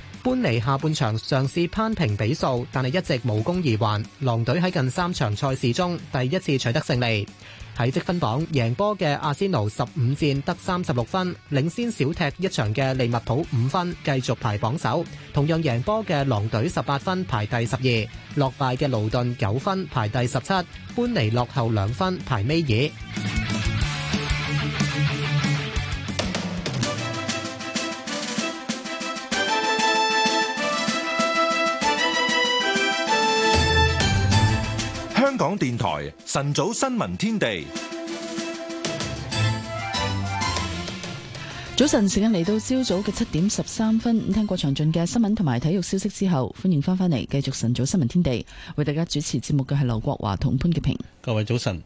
搬尼下半場嘗試攀平比數，但係一直無功而還。狼隊喺近三場賽事中第一次取得勝利。喺積分榜贏波嘅阿仙奴十五戰得三十六分，領先小踢一場嘅利物浦五分，繼續排榜首。同樣贏波嘅狼隊十八分排第十二，落敗嘅盧頓九分排第十七，搬尼落後兩分排尾二。港電台晨早新聞天地，早晨，時間嚟到朝早嘅七點十三分，聽過詳盡嘅新聞同埋體育消息之後，歡迎翻返嚟繼續晨早新聞天地，為大家主持節目嘅係劉國華同潘潔平。各位早晨，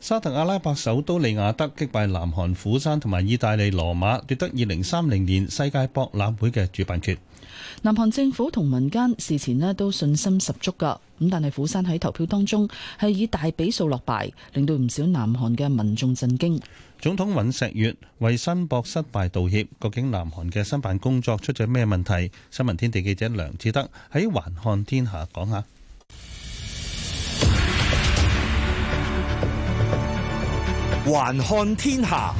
沙特阿拉伯首都利雅得擊敗南韓釜山同埋意大利羅馬，奪得二零三零年世界博覽會嘅主辦權。南韓政府同民間事前咧都信心十足噶，咁但係釜山喺投票當中係以大比數落敗，令到唔少南韓嘅民眾震驚。總統尹錫悅為申博失敗道歉，究竟南韓嘅申辦工作出咗咩問題？新聞天地記者梁志德喺《還看天下》講下《還看天下》。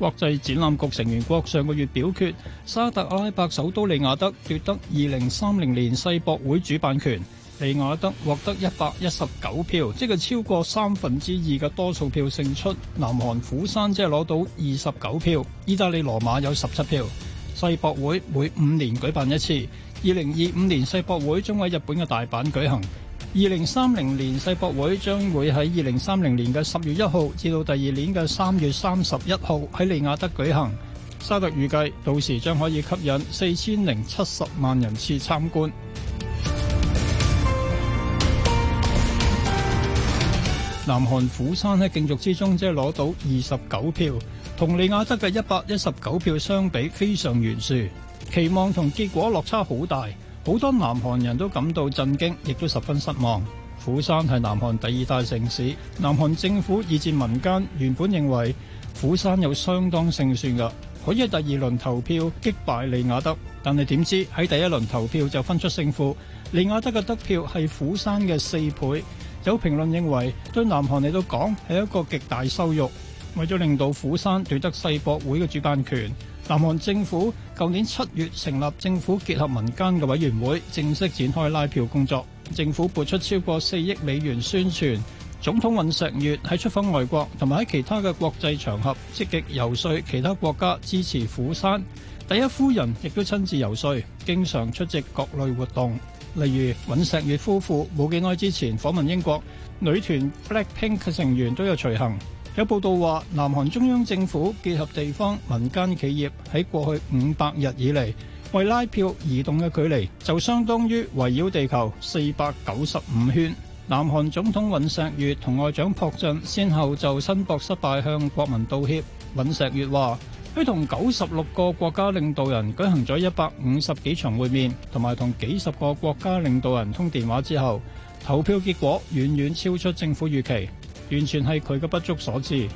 國際展覽局成員國上個月表決，沙特阿拉伯首都利雅得奪得二零三零年世博會主辦權。利雅得獲得一百一十九票，即係超過三分之二嘅多數票勝出。南韓釜山即係攞到二十九票，意大利羅馬有十七票。世博會每五年舉辦一次，二零二五年世博會將喺日本嘅大阪舉行。二零三零年世博會將會喺二零三零年嘅十月一號至到第二年嘅三月三十一號喺利雅得舉行。沙特預計到時將可以吸引四千零七十萬人次參觀。 南韓釜山喺競逐之中即係攞到二十九票，同利雅得嘅一百一十九票相比非常懸殊，期望同結果落差好大。好多南韓人都感到震驚，亦都十分失望。釜山係南韓第二大城市，南韓政府以至民間原本認為釜山有相當勝算㗎，可以第二輪投票擊敗利雅得，但係點知喺第一輪投票就分出勝負。利雅得嘅得票係釜山嘅四倍，有評論認為對南韓嚟到講係一個極大羞辱。為咗令到釜山奪得世博會嘅主辦權。南韓政府舊年七月成立政府結合民間嘅委員會，正式展開拉票工作。政府撥出超過四億美元宣傳。總統尹錫悅喺出訪外國同埋喺其他嘅國際場合積極遊說其他國家支持釜山。第一夫人亦都親自遊說，經常出席各類活動。例如尹錫悅夫婦冇幾耐之前訪問英國，女團 BLACKPINK 成員都有隨行。有報道話，南韓中央政府結合地方民間企業喺過去五百日以嚟，為拉票移動嘅距離就相當於圍繞地球四百九十五圈。南韓總統尹錫悅同外長朴振先後就申博失敗向國民道歉。尹錫悅話：佢同九十六個國家領導人舉行咗一百五十幾場會面，同埋同幾十個國家領導人通電話之後，投票結果遠遠超出政府預期。完全係佢嘅不足所致。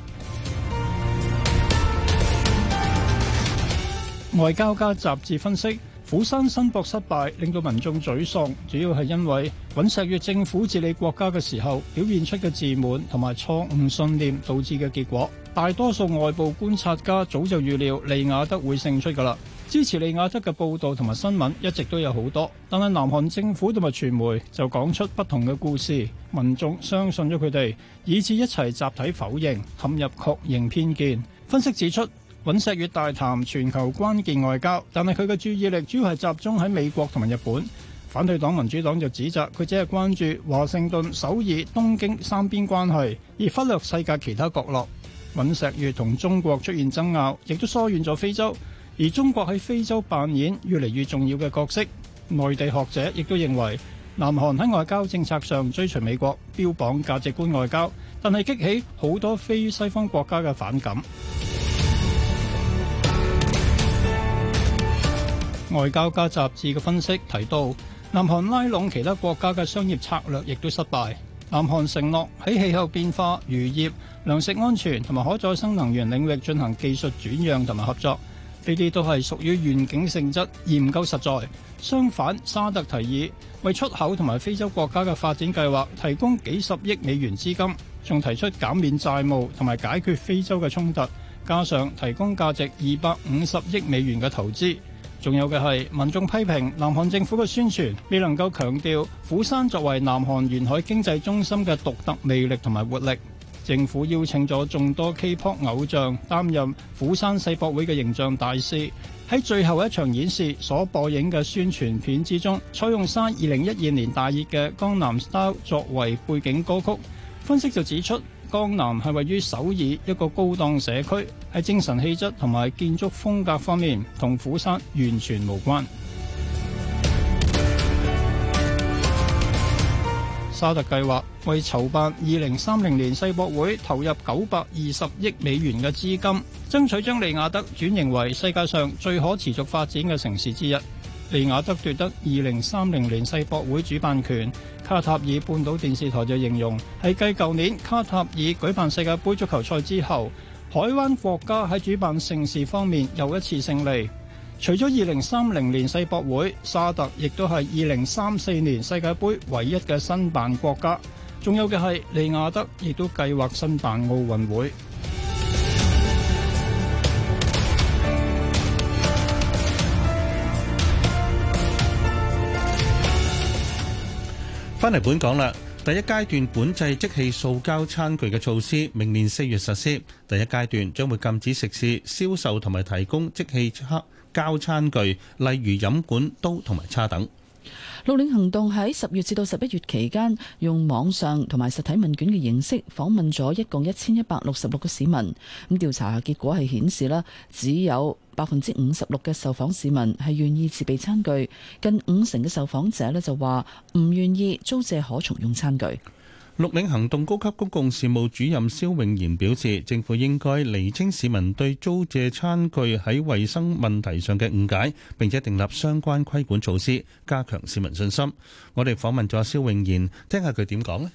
外交家雜誌分析，釜山申博失敗令到民眾沮喪，主要係因為尹錫悅政府治理國家嘅時候表現出嘅自滿同埋錯誤信念導致嘅結果。大多數外部觀察家早就預料利雅德會勝出㗎喇。支持利亞德嘅報導同埋新聞一直都有好多，但係南韓政府同埋傳媒就講出不同嘅故事，民眾相信咗佢哋，以致一齊集體否認，陷入確認偏見。分析指出，尹錫悅大談全球關鍵外交，但係佢嘅注意力主要係集中喺美國同埋日本。反對黨民主黨就指責佢只係關注華盛頓、首爾、東京三邊關係，而忽略世界其他角落。尹錫悅同中國出現爭拗，亦都疏遠咗非洲。而中國喺非洲扮演越嚟越重要嘅角色。內地學者亦都認為，南韓喺外交政策上追隨美國，標榜價值觀外交，但係激起好多非西方國家嘅反感。 外交家雜誌嘅分析提到，南韓拉攏其他國家嘅商業策略亦都失敗。南韓承諾喺氣候變化、漁業、糧食安全同埋可再生能源領域進行技術轉讓同埋合作。呢啲都係屬於願景性質，而唔夠實在。相反，沙特提議為出口同埋非洲國家嘅發展計劃提供幾十億美元資金，仲提出減免債務同埋解決非洲嘅衝突，加上提供價值二百五十億美元嘅投資。仲有嘅係民眾批評南韓政府嘅宣傳未能夠強調釜山作為南韓沿海經濟中心嘅獨特魅力同埋活力。政府邀請咗眾多 K-pop 偶像擔任釜山世博會嘅形象大使，喺最後一場演示所播映嘅宣傳片之中，採用山二零一二年大熱嘅《江南 Style》作為背景歌曲。分析就指出，《江南》係位於首爾一個高檔社區，喺精神氣質同埋建築風格方面，同釜山完全無關。沙特計劃為籌辦二零三零年世博會投入九百二十億美元嘅資金，爭取將利雅德轉型為世界上最可持續發展嘅城市之一。利雅德奪得二零三零年世博會主辦權，卡塔爾半島電視台就形容係繼舊年卡塔爾舉舉辦世界盃足球賽之後，海灣國家喺主辦城市方面又一次勝利。除咗二零三零年世博會，沙特亦都係二零三四年世界杯唯一嘅申辦國家。仲有嘅係利雅得亦都計劃申辦奧運會。翻嚟本港啦，第一階段管制即棄塑膠餐具嘅措施，明年四月實施。第一階段將會禁止食肆銷售同埋提供即棄即刻。交餐具，例如飲管、刀同埋叉等。綠領行動喺十月至到十一月期間，用網上同埋實體問卷嘅形式訪問咗一共一千一百六十六個市民。咁調查結果係顯示啦，只有百分之五十六嘅受訪市民係願意自備餐具，近五成嘅受訪者呢就話唔願意租借可重用餐具。綠領行動高級公共事務主任蕭永賢表示，政府應該釐清市民對租借餐具喺衛生問題上嘅誤解，並且訂立相關規管措施，加強市民信心。我哋訪問咗蕭永賢，聽下佢點講咧。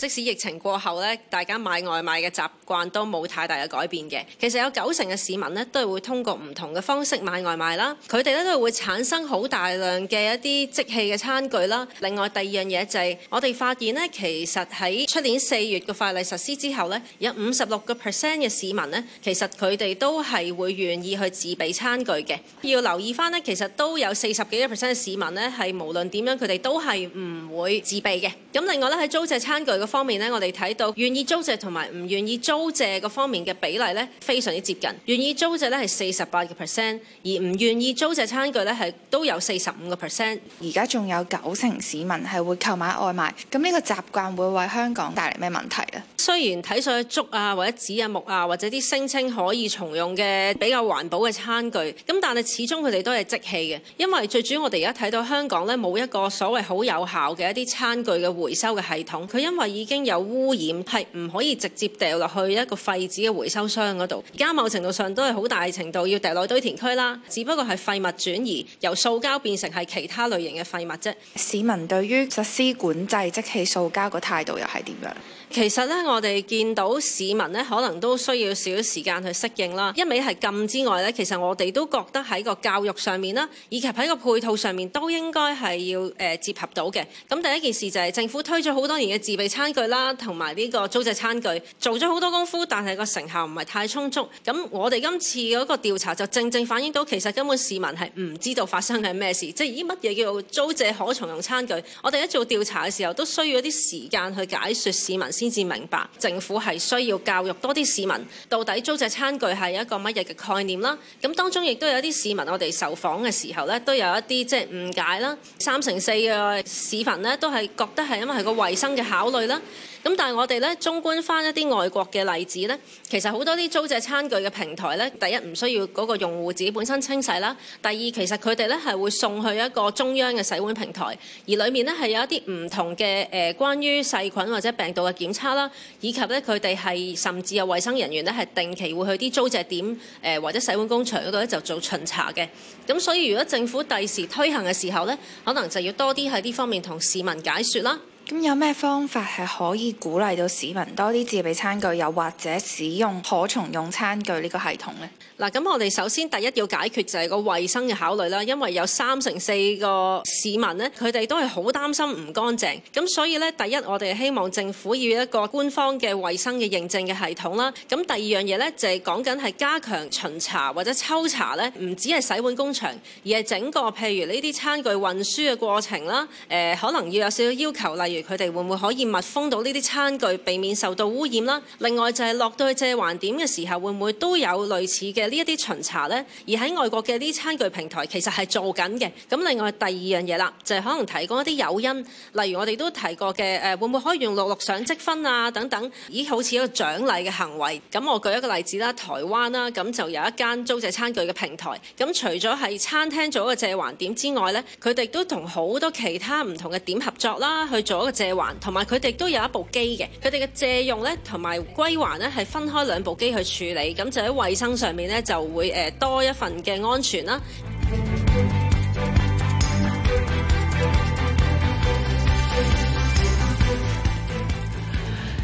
即使疫情過後，咧，大家買外賣嘅習慣都冇太大嘅改變嘅。其實有九成嘅市民咧，都係會通過唔同嘅方式買外賣啦。佢哋咧都係會產生好大量嘅一啲即棄嘅餐具啦。另外第二樣嘢就係，是，我哋發現咧，其實喺出年四月嘅法例實施之後咧，有五十六個 percent 嘅市民咧，其實佢哋都係會願意去自備餐具嘅。要留意返咧，其實都有四十幾個 percent 嘅市民咧，係無論點樣佢哋都係唔會自備嘅。咁另外咧喺租借餐具嘅。方面咧，我哋睇到願意租借同埋唔願意租借個方面嘅比例咧，非常之接近。願意租借咧係四十八個 percent，而唔願意租借餐具咧係都有四十五個 percent。而家仲有九成市民係會購買外賣，咁呢個習慣會為香港帶嚟咩問題啊？雖然睇上去竹啊，或者紙啊木啊，或者啲聲稱可以重用嘅比較環保嘅餐具，咁但係始終佢哋都係即棄嘅，因為最主要我哋而家睇到香港咧冇一個所謂好有效嘅一啲餐具嘅回收嘅系統，佢因為以。已經有污染，係唔可以直接掉落去一個廢紙嘅回收箱嗰度。而家，某程度上都係好大程度要掉落堆填區啦，只不過係廢物轉移，由塑膠變成係其他類型嘅廢物啫。市民對於實施管制即棄塑膠個態度又係點樣？其實咧，我哋見到市民咧，可能都需要少少時間去適應啦。一味係禁之外咧，其實我哋都覺得喺個教育上面啦，以及喺個配套上面，都應該係要誒接、呃、合到嘅。咁、嗯、第一件事就係政府推咗好多年嘅自備餐具啦，同埋呢個租借餐具，做咗好多功夫，但係個成效唔係太充足。咁、嗯、我哋今次嗰個調查就正正反映到，其實根本市民係唔知道發生緊咩事，即係依乜嘢叫做租借可重用餐具。我哋一做調查嘅時候，都需要一啲時間去解説市民。先至明白政府係需要教育多啲市民，到底租借餐具係一個乜嘢嘅概念啦。咁當中亦都有一啲市民，我哋受訪嘅時候咧，都有一啲即係誤解啦。三成四嘅市民咧，都係覺得係因為係個衞生嘅考慮啦。咁但係我哋咧，綜觀翻一啲外國嘅例子咧，其實好多啲租借餐具嘅平台咧，第一唔需要嗰個用戶自己本身清洗啦；第二，其實呢，佢哋咧係會送去一個中央嘅洗碗平台，而裏面咧係有一啲唔同嘅誒、呃、關於細菌或者病毒嘅檢測啦，以及咧佢哋係甚至有衛生人員咧係定期會去啲租借點誒、呃、或者洗碗工場嗰度咧就做巡查嘅。咁所以如果政府第時推行嘅時候咧，可能就要多啲喺呢方面同市民解說啦。咁有咩方法係可以鼓勵到市民多啲自備餐具，又或者使用可重用餐具呢個系統呢？嗱，咁我哋首先第一要解決就係個衛生嘅考慮啦，因為有三成四個市民呢，佢哋都係好擔心唔乾淨。咁所以呢，第一我哋希望政府要一個官方嘅衛生嘅認證嘅系統啦。咁第二樣嘢呢，就係講緊係加強巡查或者抽查呢，唔止係洗碗工場，而係整個譬如呢啲餐具運輸嘅過程啦。誒、呃，可能要有少少要求，例如。佢哋會唔會可以密封到呢啲餐具，避免受到污染啦？另外就係落到去借還點嘅時候，會唔會都有類似嘅呢一啲巡查呢？而喺外國嘅呢啲餐具平台其實係做緊嘅。咁另外第二樣嘢啦，就係、是、可能提供一啲誘因，例如我哋都提過嘅誒、呃，會唔會可以用六六上積分啊等等？咦，好似一個獎勵嘅行為。咁我舉一個例子啦，台灣啦，咁就有一間租借餐具嘅平台。咁除咗喺餐廳做一個借還點之外呢，佢哋都同好多其他唔同嘅點合作啦，去做。借還同埋佢哋都有一部機嘅，佢哋嘅借用咧同埋歸還咧係分開兩部機去處理，咁就喺衛生上面咧就會誒、呃、多一份嘅安全啦。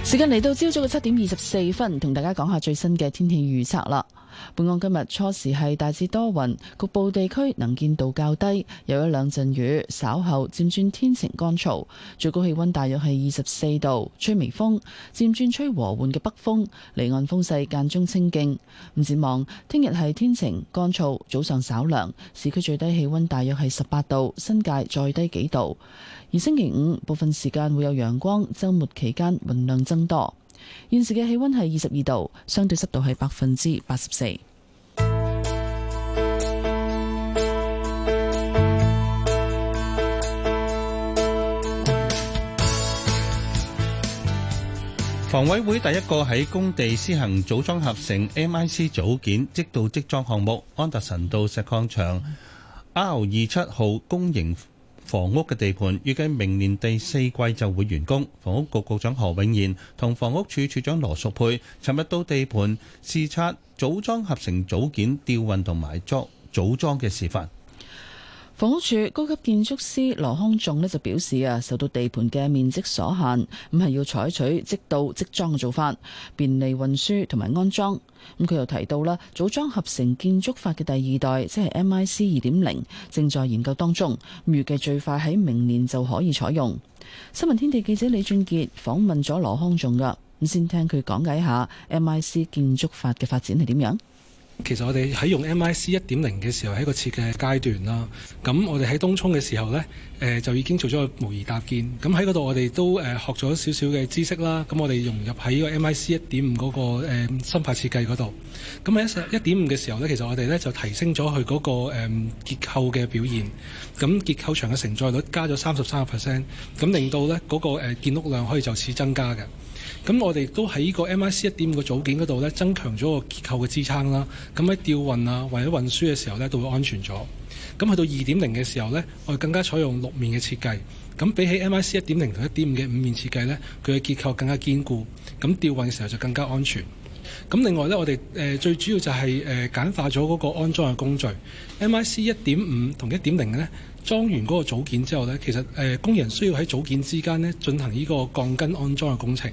時間嚟到朝早嘅七點二十四分，同大家講下最新嘅天氣預測啦。本港今日初時係大致多雲，局部地區能見度較低，有一兩陣雨，稍後漸轉天晴乾燥，最高氣溫大約係二十四度，吹微風，漸轉吹和緩嘅北風，離岸風勢間中清勁。咁展望聽日係天晴乾燥，早上稍涼，市區最低氣溫大約係十八度，新界再低幾度。星期五部分時間會有陽光，周末期間雲量增多。現時嘅氣溫係二十二度，相對濕度係百分之八十四。房委會第一個喺工地施行組裝合成 MIC 組件即到即裝項目——安達臣道石礦場 R 二七號公營。房屋嘅地盤預計明年第四季就會完工。房屋局局長何永賢同房屋處處長羅淑佩尋日到地盤視察組裝合成組件吊運同埋作組裝嘅示範。房屋署高級建築師羅康仲咧就表示啊，受到地盤嘅面積所限，咁係要採取即到即裝嘅做法，便利運輸同埋安裝。咁佢又提到啦，組裝合成建築法嘅第二代，即係 M I C 二點零，正在研究當中，預計最快喺明年就可以採用。新聞天地記者李俊傑訪問咗羅康仲噶，咁先聽佢講解下 M I C 建築法嘅發展係點樣。其實我哋喺用 MIC 一點零嘅時候係個設計階段啦，咁我哋喺冬充嘅時候呢，誒、呃、就已經做咗個模擬搭建，咁喺嗰度我哋都誒、呃、學咗少少嘅知識啦，咁我哋融入喺呢個 MIC 一點五、那、嗰個深、呃、化片設計嗰度，咁喺一點五嘅時候呢，其實我哋呢就提升咗佢嗰個誒、呃、結構嘅表現，咁結構牆嘅承載率加咗三十三個 percent，咁令到呢嗰、那個建築量可以就此增加嘅。咁我哋都喺呢個 M I C 一點五個組件嗰度呢，增強咗個結構嘅支撐啦。咁喺吊運啊，或者運輸嘅時候呢，都會安全咗。咁去到二點零嘅時候呢，我哋更加採用六面嘅設計。咁比起 M I C 一點零同一點五嘅五面設計呢，佢嘅結構更加堅固。咁吊運嘅時候就更加安全。咁另外呢，我哋誒、呃、最主要就係、是、誒、呃、簡化咗嗰個安裝嘅工序。M I C 一點五同一點零嘅呢，裝完嗰個組件之後呢，其實誒、呃、工人需要喺組件之間呢，進行呢個鋼筋安裝嘅工程。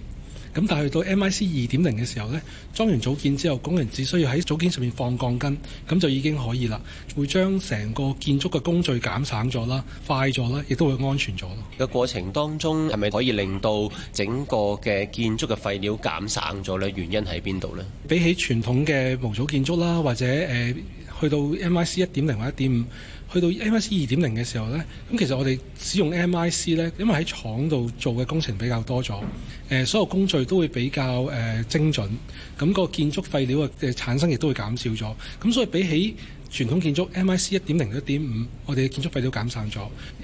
咁但係到 M I C 二點零嘅時候呢，裝完組件之後，工人只需要喺組件上面放鋼筋，咁就已經可以啦。會將成個建築嘅工序減省咗啦，快咗啦，亦都會安全咗咯。個過程當中係咪可以令到整個嘅建築嘅廢料減省咗呢？原因喺邊度呢？比起傳統嘅模組建築啦，或者誒、呃、去到 M I C 一點零或一點五。去到 M I C 二點零嘅時候咧，咁其實我哋使用 M I C 咧，因為喺廠度做嘅工程比較多咗，誒所有工序都會比較誒精準，咁個建築廢料嘅產生亦都會減少咗，咁所以比起傳統建築 M I C 一點零一點五，5, 我哋嘅建築費都減省咗。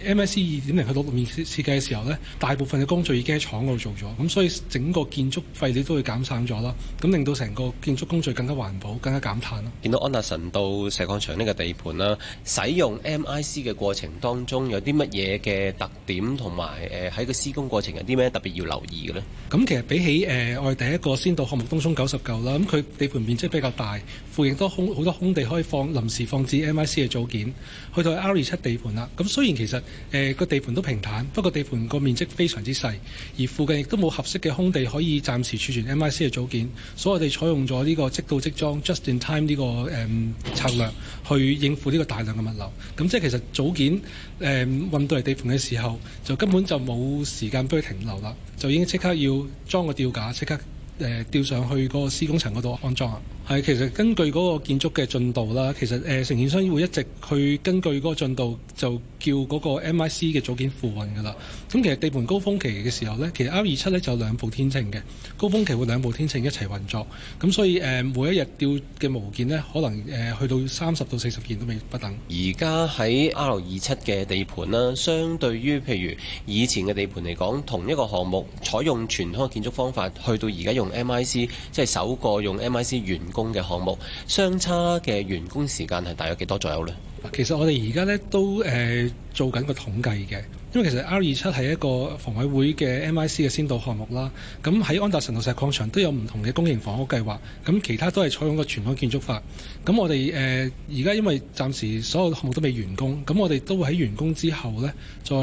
M I C 二點零去到綠面設計嘅時候咧，大部分嘅工序已經喺廠度做咗，咁所以整個建築廢料都會減省咗啦。咁令到成個建築工序更加環保，更加減碳咯。見到安達臣道石礦場呢個地盤啦，使用 M I C 嘅過程當中有啲乜嘢嘅特點同埋誒喺個施工過程有啲咩特別要留意嘅呢？咁其實比起誒、呃、我哋第一個先導項目東涌九十九啦，咁佢地盤面積比較大。附近空好多空地可以放臨時放置 M I C 嘅組件，去到 R27 地盤啦。咁雖然其實誒個，呃，地盤都平坦，不過地盤個面積非常之細，而附近亦都冇合適嘅空地可以暫時儲存 M I C 嘅組件，所以我哋採用咗呢個即到即裝 just in time 呢，這個誒，呃，策略去應付呢個大量嘅物流。咁即係其實組件誒，呃，運到嚟地盤嘅時候，就根本就冇時間俾佢停留啦，就已經即刻要裝個吊架即刻。誒吊上去個施工層度安裝啊，係其實根據個建築嘅進度啦，其實誒承、呃、建商會一直去根據個進度，就叫個 M I C 嘅組件附運噶啦。咁、嗯、其實地盤高峰期嘅時候咧，其實 R 二七咧就兩部天秤嘅，高峰期會兩部天秤一齊運作。咁所以誒、呃、每一日吊嘅模件咧，可能誒、呃、去到三十到四十件都未不等。而家喺 R 二七嘅地盤啦，相對於譬如以前嘅地盤嚟講，同一個項目採用傳統嘅建築方法，去到而家用。M I C 即係首個用 M I C 員工嘅項目，相差嘅員工時間係大約幾多左右呢？其實我哋而家咧都誒做緊個統計嘅。因為其實 R 二七係一個房委會嘅 M I C 嘅先導項目啦，咁喺安達臣道石礦場都有唔同嘅公營房屋計劃，咁其他都係採用個傳統建築法。咁我哋誒而家因為暫時所有項目都未完工，咁我哋都會喺完工之後呢，再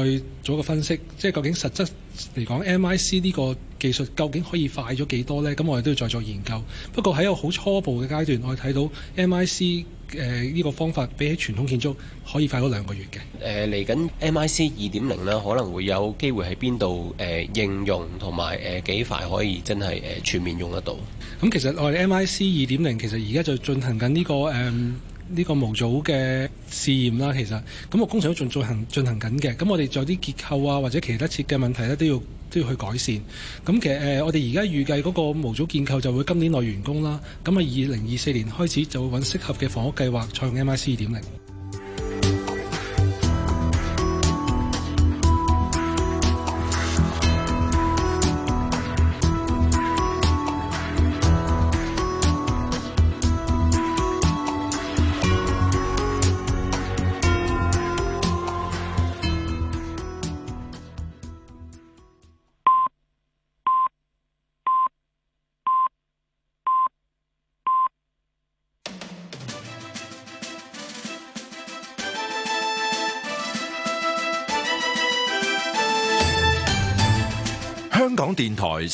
做個分析，即係究竟實質嚟講 M I C 呢個技術究竟可以快咗幾多呢？咁我哋都要再做研究。不過喺一個好初步嘅階段，我哋睇到 M I C。誒呢個方法比起傳統建築可以快咗兩個月嘅。誒嚟緊 MIC 二點零啦，0, 可能會有機會喺邊度誒應用，同埋誒幾快可以真係誒、呃、全面用得到？咁、嗯、其實我哋 MIC 二點零其實而家就進行緊呢、這個誒呢、呃這個模組嘅試驗啦。其實咁我、嗯、工程都仲進行進行緊嘅。咁、嗯、我哋就有啲結構啊，或者其他設計問題咧，都要。都要去改善，咁其實誒、呃，我哋而家預計嗰個模組建構就會今年內完工啦，咁啊，二零二四年開始就會揾適合嘅房屋計劃，採用 MIC 二點零。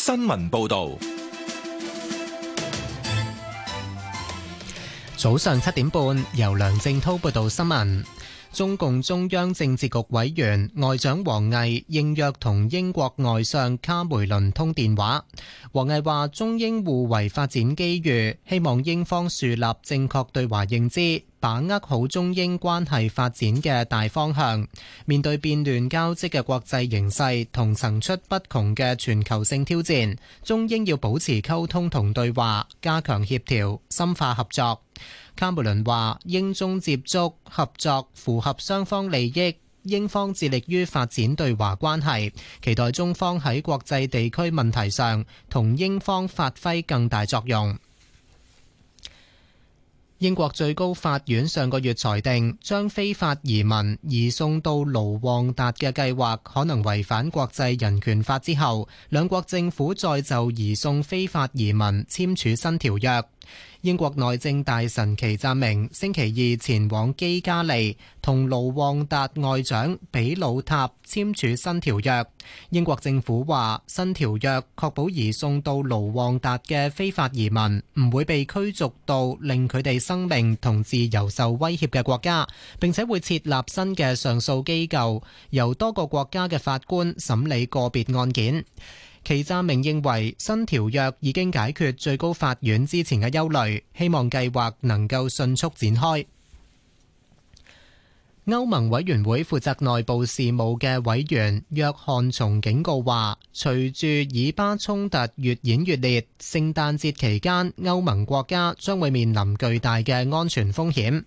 新聞報道，早上七點半，由梁振濤報道新聞。中共中央政治局委員外長王毅應約同英國外相卡梅倫通電話。王毅話：中英互為發展機遇，希望英方樹立正確對華認知，把握好中英關係發展嘅大方向。面對變亂交織嘅國際形勢同層出不窮嘅全球性挑戰，中英要保持溝通同對話，加強協調，深化合作。卡梅倫話：英中接觸合作符合雙方利益，英方致力於發展對華關係，期待中方喺國際地區問題上同英方發揮更大作用。英國最高法院上個月裁定，將非法移民移送到盧旺達嘅計劃可能違反國際人權法之後，兩國政府再就移送非法移民簽署新條約。英國內政大臣祁湛明星期二前往基加利，同盧旺達外長比魯塔簽署新條約。英國政府話，新條約確保移送到盧旺達嘅非法移民唔會被驅逐到令佢哋生命同自由受威脅嘅國家，並且會設立新嘅上訴機構，由多個國家嘅法官審理個別案件。其站明認為新條約已經解決最高法院之前嘅憂慮，希望計劃能夠迅速展開。歐盟委員會負責內部事務嘅委員約翰松警告話，隨住以巴衝突越演越烈，聖誕節期間歐盟國家將會面臨巨大嘅安全風險。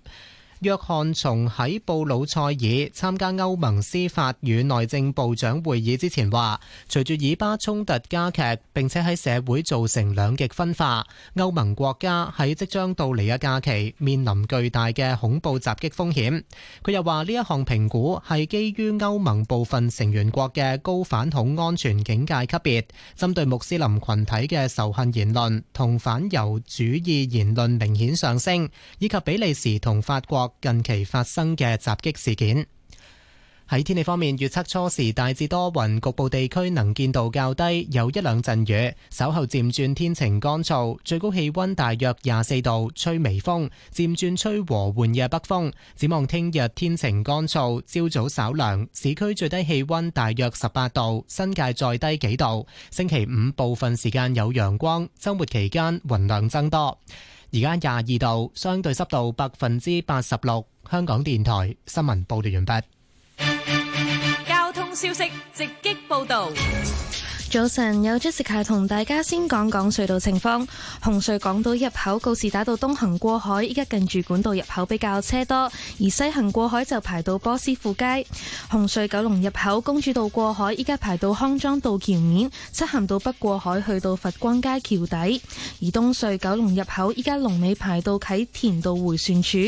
約翰松喺布魯塞爾參加歐盟司法與內政部長會議之前話，隨住以巴衝突加劇，並且喺社會造成兩極分化，歐盟國家喺即將到嚟嘅假期面臨巨大嘅恐怖襲擊風險。佢又話呢一項評估係基於歐盟部分成員國嘅高反恐安全警戒級別，針對穆斯林群體嘅仇恨言論同反猶主義言論明顯上升，以及比利時同法國近期發生嘅襲擊事件。喺天氣方面，預測初時大致多雲，局部地區能見度較低，有一兩陣雨。稍後漸轉天晴，乾燥，最高氣溫大約廿四度，吹微風，漸轉吹和緩嘅北風。展望聽日天晴乾燥，朝早稍涼，市區最低氣溫大約十八度，新界再低幾度。星期五部分時間有陽光，週末期間雲量增多。而家廿二度，相對濕度百分之八十六。香港電台新聞報道完畢。交通消息直擊報道。早晨，有 Jessica 同大家先講講隧道情況。紅隧港島入口告士打道東行過海，依家近住管道入口比較車多，而西行過海就排到波斯富街。紅隧九龍入口公主道過海，依家排到康莊道橋面，漆咸道北過海去到佛光街橋底。而東隧九龍入口依家龍尾排到啟田道回旋處。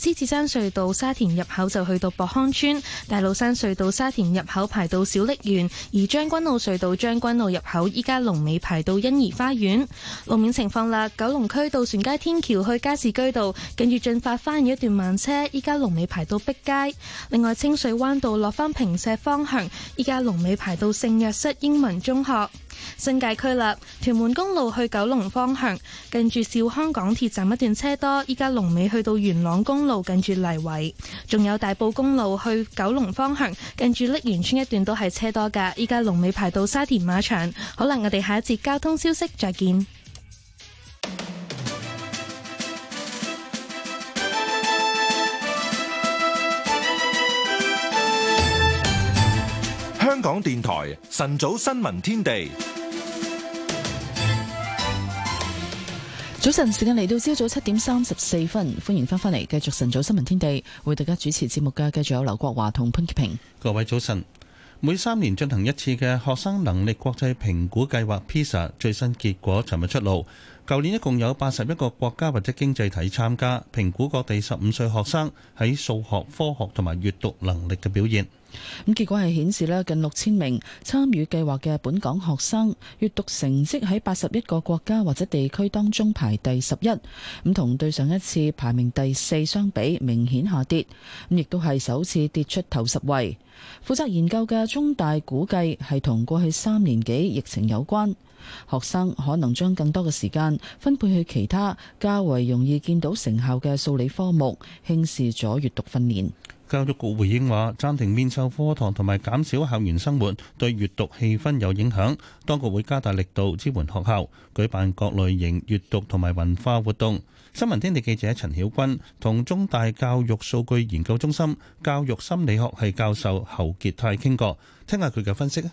獅子山隧道沙田入口就去到博康村，大老山隧道沙田入口排到小瀝源，而將軍澳隧道將軍道，將軍灣路入口依家龍尾排到欣怡花園。路面情況啦，九龍區渡船街天橋去加士居道，跟住進發翻咗一段慢車，依家龍尾排到碧街。另外，清水灣道落翻平石方向，依家龍尾排到聖約瑟英文中學。新界區啦，屯門公路去九龍方向，近住兆康港鐵站一段車多，依家龍尾去到元朗公路近住黎圍，仲有大埔公路去九龍方向，近住瀝源村一段都係車多噶，依家龍尾排到沙田馬場。好啦，我哋下一節交通消息再見。香港電台晨早新聞天地，早晨時間嚟到朝早七點三十四分，歡迎翻返嚟繼續晨早新聞天地，為大家主持節目嘅，繼續有劉國華同潘潔平。各位早晨，每三年進行一次嘅學生能力國際評估計劃 （PISA） 最新結果尋日出爐。舊年一共有八十一個國家或者經濟體參加，評估各地十五歲學生喺數學、科學同埋閱讀能力嘅表現。咁結果係顯示咧，近六千名參與計劃嘅本港學生，閱讀成績喺八十一個國家或者地區當中排第十一，咁同對上一次排名第四相比，明顯下跌，咁亦都係首次跌出頭十位。負責研究嘅中大估計係同過去三年幾疫情有關。學生可能將更多嘅時間分配去其他較為容易見到成效嘅數理科目，輕視咗閱讀訓練。教育局回應話：暫停面授課堂同埋減少校園生活，對閱讀氣氛有影響。當局會加大力度支援學校，舉辦各類型閱讀同埋文化活動。新聞天地記者陳曉君同中大教育數據研究中心教育心理學系教授侯傑泰傾過，聽下佢嘅分析。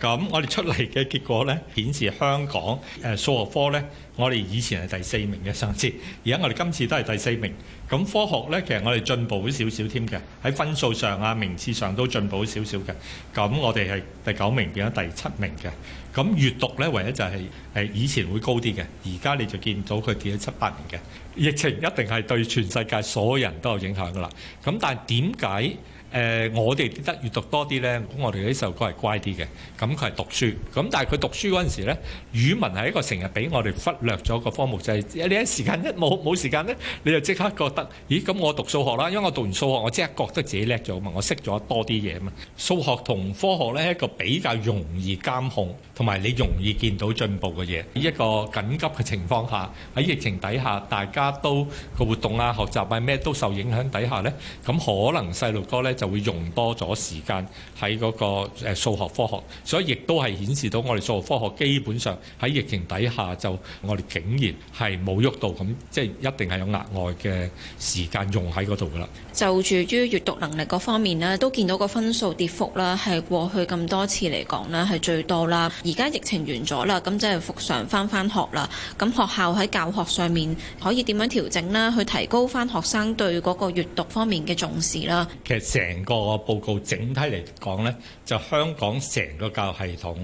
咁我哋出嚟嘅結果呢，顯示香港誒數學科呢，我哋以前係第四名嘅，上次，而家我哋今次都係第四名。咁科學呢，其實我哋進步咗少少添嘅，喺分數上啊、名次上都進步咗少少嘅。咁我哋係第九名變咗第七名嘅。咁閱讀呢，唯一就係誒以前會高啲嘅，而家你就見到佢跌咗七八名嘅。疫情一定係對全世界所有人都有影響噶啦。咁但係點解？誒，我哋得閲讀多啲咧，咁我哋啲細路哥係乖啲嘅，咁佢係讀書，咁但係佢讀書嗰陣時咧，語文係一個成日俾我哋忽略咗個科目，就係你一時間一冇冇時間咧，你就即刻覺得，咦？咁我讀數學啦，因為我讀完數學，我即刻覺得自己叻咗啊嘛，我識咗多啲嘢啊嘛。數學同科學咧係一個比較容易監控，同埋你容易見到進步嘅嘢。一個緊急嘅情況下，喺疫情底下，大家都個活動啊、學習啊咩都受影響底下咧，咁可能細路哥咧。就會用多咗時間喺嗰個誒數學科學，所以亦都係顯示到我哋數學科學基本上喺疫情底下就我哋竟然係冇喐到，咁即係一定係有額外嘅時間用喺嗰度㗎啦。就住於閱讀能力嗰方面咧，都見到個分數跌幅啦，係過去咁多次嚟講咧係最多啦。而家疫情完咗啦，咁即係復常翻翻學啦。咁學校喺教學上面可以點樣調整咧？去提高翻學生對嗰個閱讀方面嘅重視啦。其實成。成個報告整體嚟講咧，就香港成個教育系統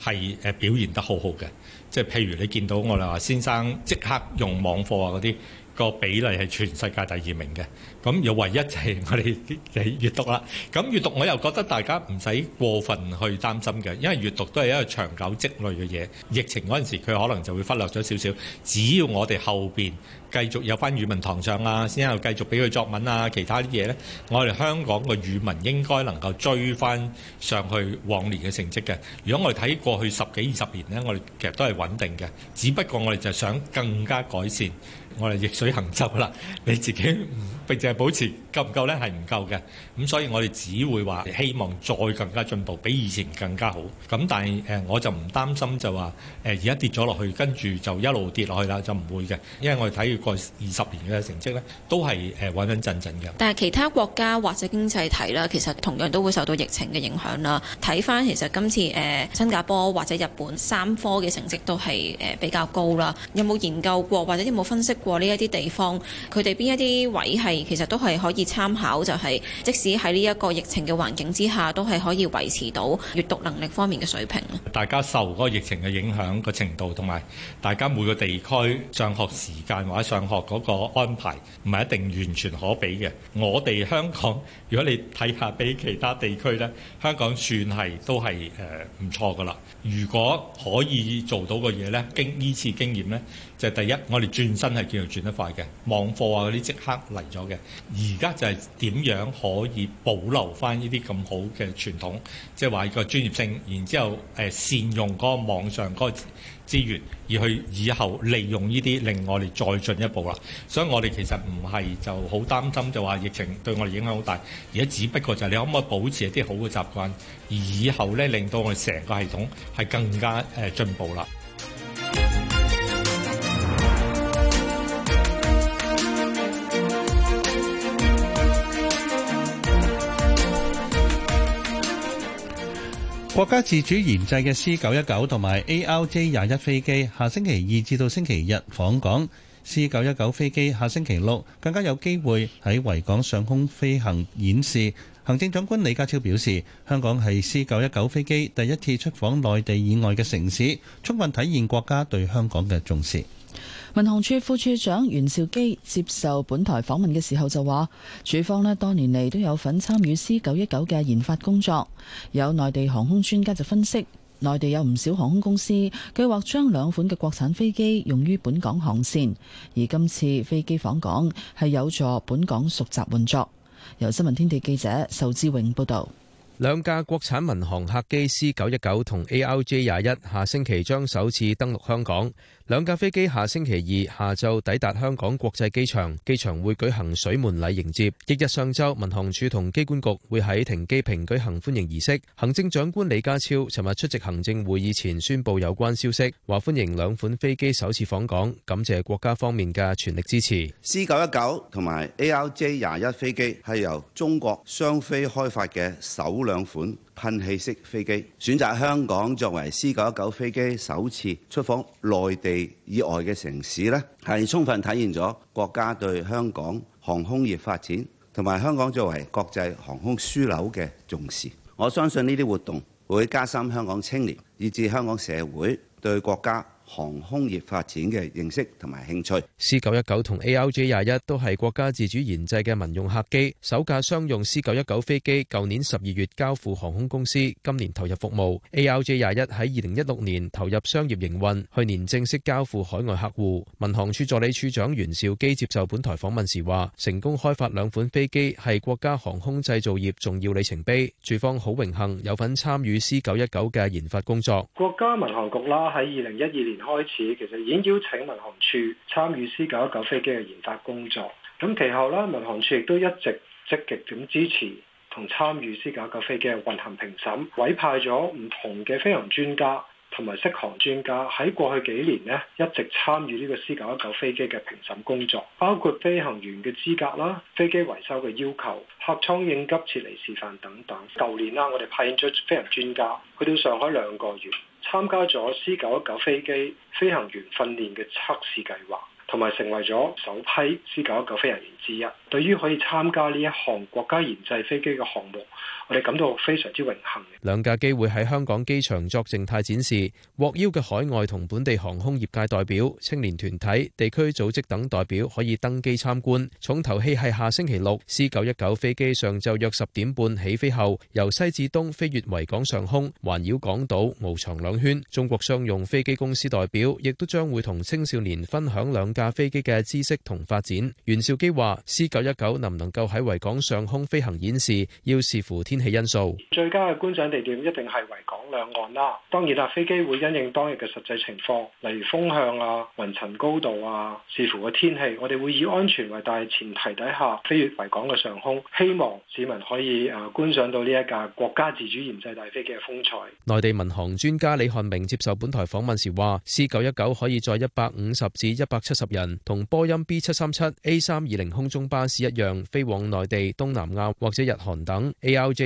係誒表現得好好嘅，即係譬如你見到我哋話先生即刻用網課啊嗰啲，個比例係全世界第二名嘅。咁又唯一就係我哋嘅閲讀啦。咁閲讀我又覺得大家唔使過分去擔心嘅，因為閲讀都係一個長久積累嘅嘢。疫情嗰陣時佢可能就會忽略咗少少，只要我哋後邊繼續有翻語文堂上啊，先又繼續俾佢作文啊，其他啲嘢呢，我哋香港嘅語文應該能夠追翻上去往年嘅成績嘅。如果我哋睇過去十幾二十年呢，我哋其實都係穩定嘅，只不過我哋就係想更加改善，我哋逆水行舟啦。你自己並且。保持夠唔夠呢？係唔夠嘅，咁、嗯、所以我哋只會話希望再更加進步，比以前更加好。咁但係誒、呃，我就唔擔心就話誒而家跌咗落去，跟住就一路跌落去啦，就唔會嘅，因為我哋睇過二十年嘅成績呢，都係誒穩緊陣陣嘅。但係其他國家或者經濟體啦，其實同樣都會受到疫情嘅影響啦。睇翻其實今次誒、呃、新加坡或者日本三科嘅成績都係誒比較高啦。有冇研究過或者有冇分析過呢一啲地方佢哋邊一啲位係其實？都係可以參考，就係即使喺呢一個疫情嘅環境之下，都係可以維持到閱讀能力方面嘅水平。大家受嗰個疫情嘅影響個程度，同埋大家每個地區上學時間或者上學嗰個安排，唔係一定完全可比嘅。我哋香港，如果你睇下比其他地區呢，香港算係都係誒唔錯㗎喇。如果可以做到個嘢呢，經呢次經驗呢。就第一，我哋轉身係叫做轉得快嘅，網課啊嗰啲即刻嚟咗嘅。而家就係點樣可以保留翻呢啲咁好嘅傳統，即係話個專業性，然之後誒、呃、善用嗰個網上嗰個資源，而去以後利用呢啲令我哋再進一步啦。所以我哋其實唔係就好擔心，就話疫情對我哋影響好大。而家只不過就係你可唔可以保持一啲好嘅習慣，而以後咧令到我哋成個系統係更加誒、呃、進步啦。國家自主研製嘅 C 九一九同埋 ARJ 廿一飛機下星期二至到星期日訪港，C 九一九飛機下星期六更加有機會喺維港上空飛行演示。行政長官李家超表示，香港係 C 九一九飛機第一次出訪內地以外嘅城市，充分體現國家對香港嘅重視。民航處副處長袁兆基接受本台訪問嘅時候就話，處方呢多年嚟都有份參與 C 九一九嘅研發工作。有內地航空專家就分析，內地有唔少航空公司計劃將兩款嘅國產飛機用於本港航線，而今次飛機訪港係有助本港熟習運作。由新聞天地記者仇志榮報道，兩架國產民航客機 C 九一九同 A R J 廿一，下星期將首次登陸香港。兩架飛機下星期二下晝抵達香港國際機場，機場會舉行水門禮迎接。翌日上晝，民航處同機管局會喺停機坪舉行歡迎儀式。行政長官李家超尋日出席行政會議前宣布有關消息，話歡迎兩款飛機首次訪港，感謝國家方面嘅全力支持。C 九一九同埋 ARJ 廿一飛機係由中國商飛開發嘅首兩款。噴氣式飛機選擇香港作為 C919 飛機首次出訪內地以外嘅城市呢，係充分體現咗國家對香港航空業發展同埋香港作為國際航空樞紐嘅重視。我相信呢啲活動會加深香港青年以至香港社會對國家航空業發展嘅認識同埋興趣。C 九一九同 A R J 廿一都係國家自主研製嘅民用客機，首架商用 C 九一九飛機舊年十二月交付航空公司，今年投入服務。A R J 廿一喺二零一六年投入商業營運，去年正式交付海外客戶。民航處助理處長袁兆基接受本台訪問時話：成功開發兩款飛機係國家航空製造業重要里程碑，住方好榮幸有份參與 C 九一九嘅研發工作。國家民航局啦喺二零一二年，開始其實已經邀請民航處參與 C 九一九飛機嘅研發工作，咁其後啦，民航處亦都一直積極咁支持同參與 C 九一九飛機嘅運行評審，委派咗唔同嘅飛行專家同埋適航專家喺過去幾年呢，一直參與呢個 C 九一九飛機嘅評審工作，包括飛行員嘅資格啦、飛機維修嘅要求、客艙應急撤離示範等等。舊年啦，我哋派遣咗飛行專家去到上海兩個月，參加咗 C 九一九飛機飛行員訓練嘅測試計劃，同埋成為咗首批 C 九一九飛行員之一。對於可以參加呢一項國家研製飛機嘅項目，我哋感到非常之榮幸。兩架機會喺香港機場作靜態展示，獲邀嘅海外同本地航空業界代表、青年團體、地區組織等代表可以登機參觀。重頭戲係下星期六 C919 飛機上晝約十點半起飛後，由西至東飛越維港上空，環繞港島翱翔兩圈。中國商用飛機公司代表亦都將會同青少年分享兩架飛機嘅知識同發展。袁兆基話，C919 能唔能夠喺維港上空飛行演示，要視乎天天氣因素，最佳嘅觀賞地點一定係維港兩岸啦。當然啦，飛機會因應當日嘅實際情況，例如風向啊、雲層高度啊、視乎嘅天氣，我哋會以安全為大前提底下飛越維港嘅上空。希望市民可以誒觀賞到呢一架國家自主研製大飛機嘅風采。內地民航專家李漢明接受本台訪問時話，C919 可以載一百五十至一百七十人，同波音 B 七三七 A 三二零空中巴士一樣飛往內地、東南亞或者日韓等 A L J。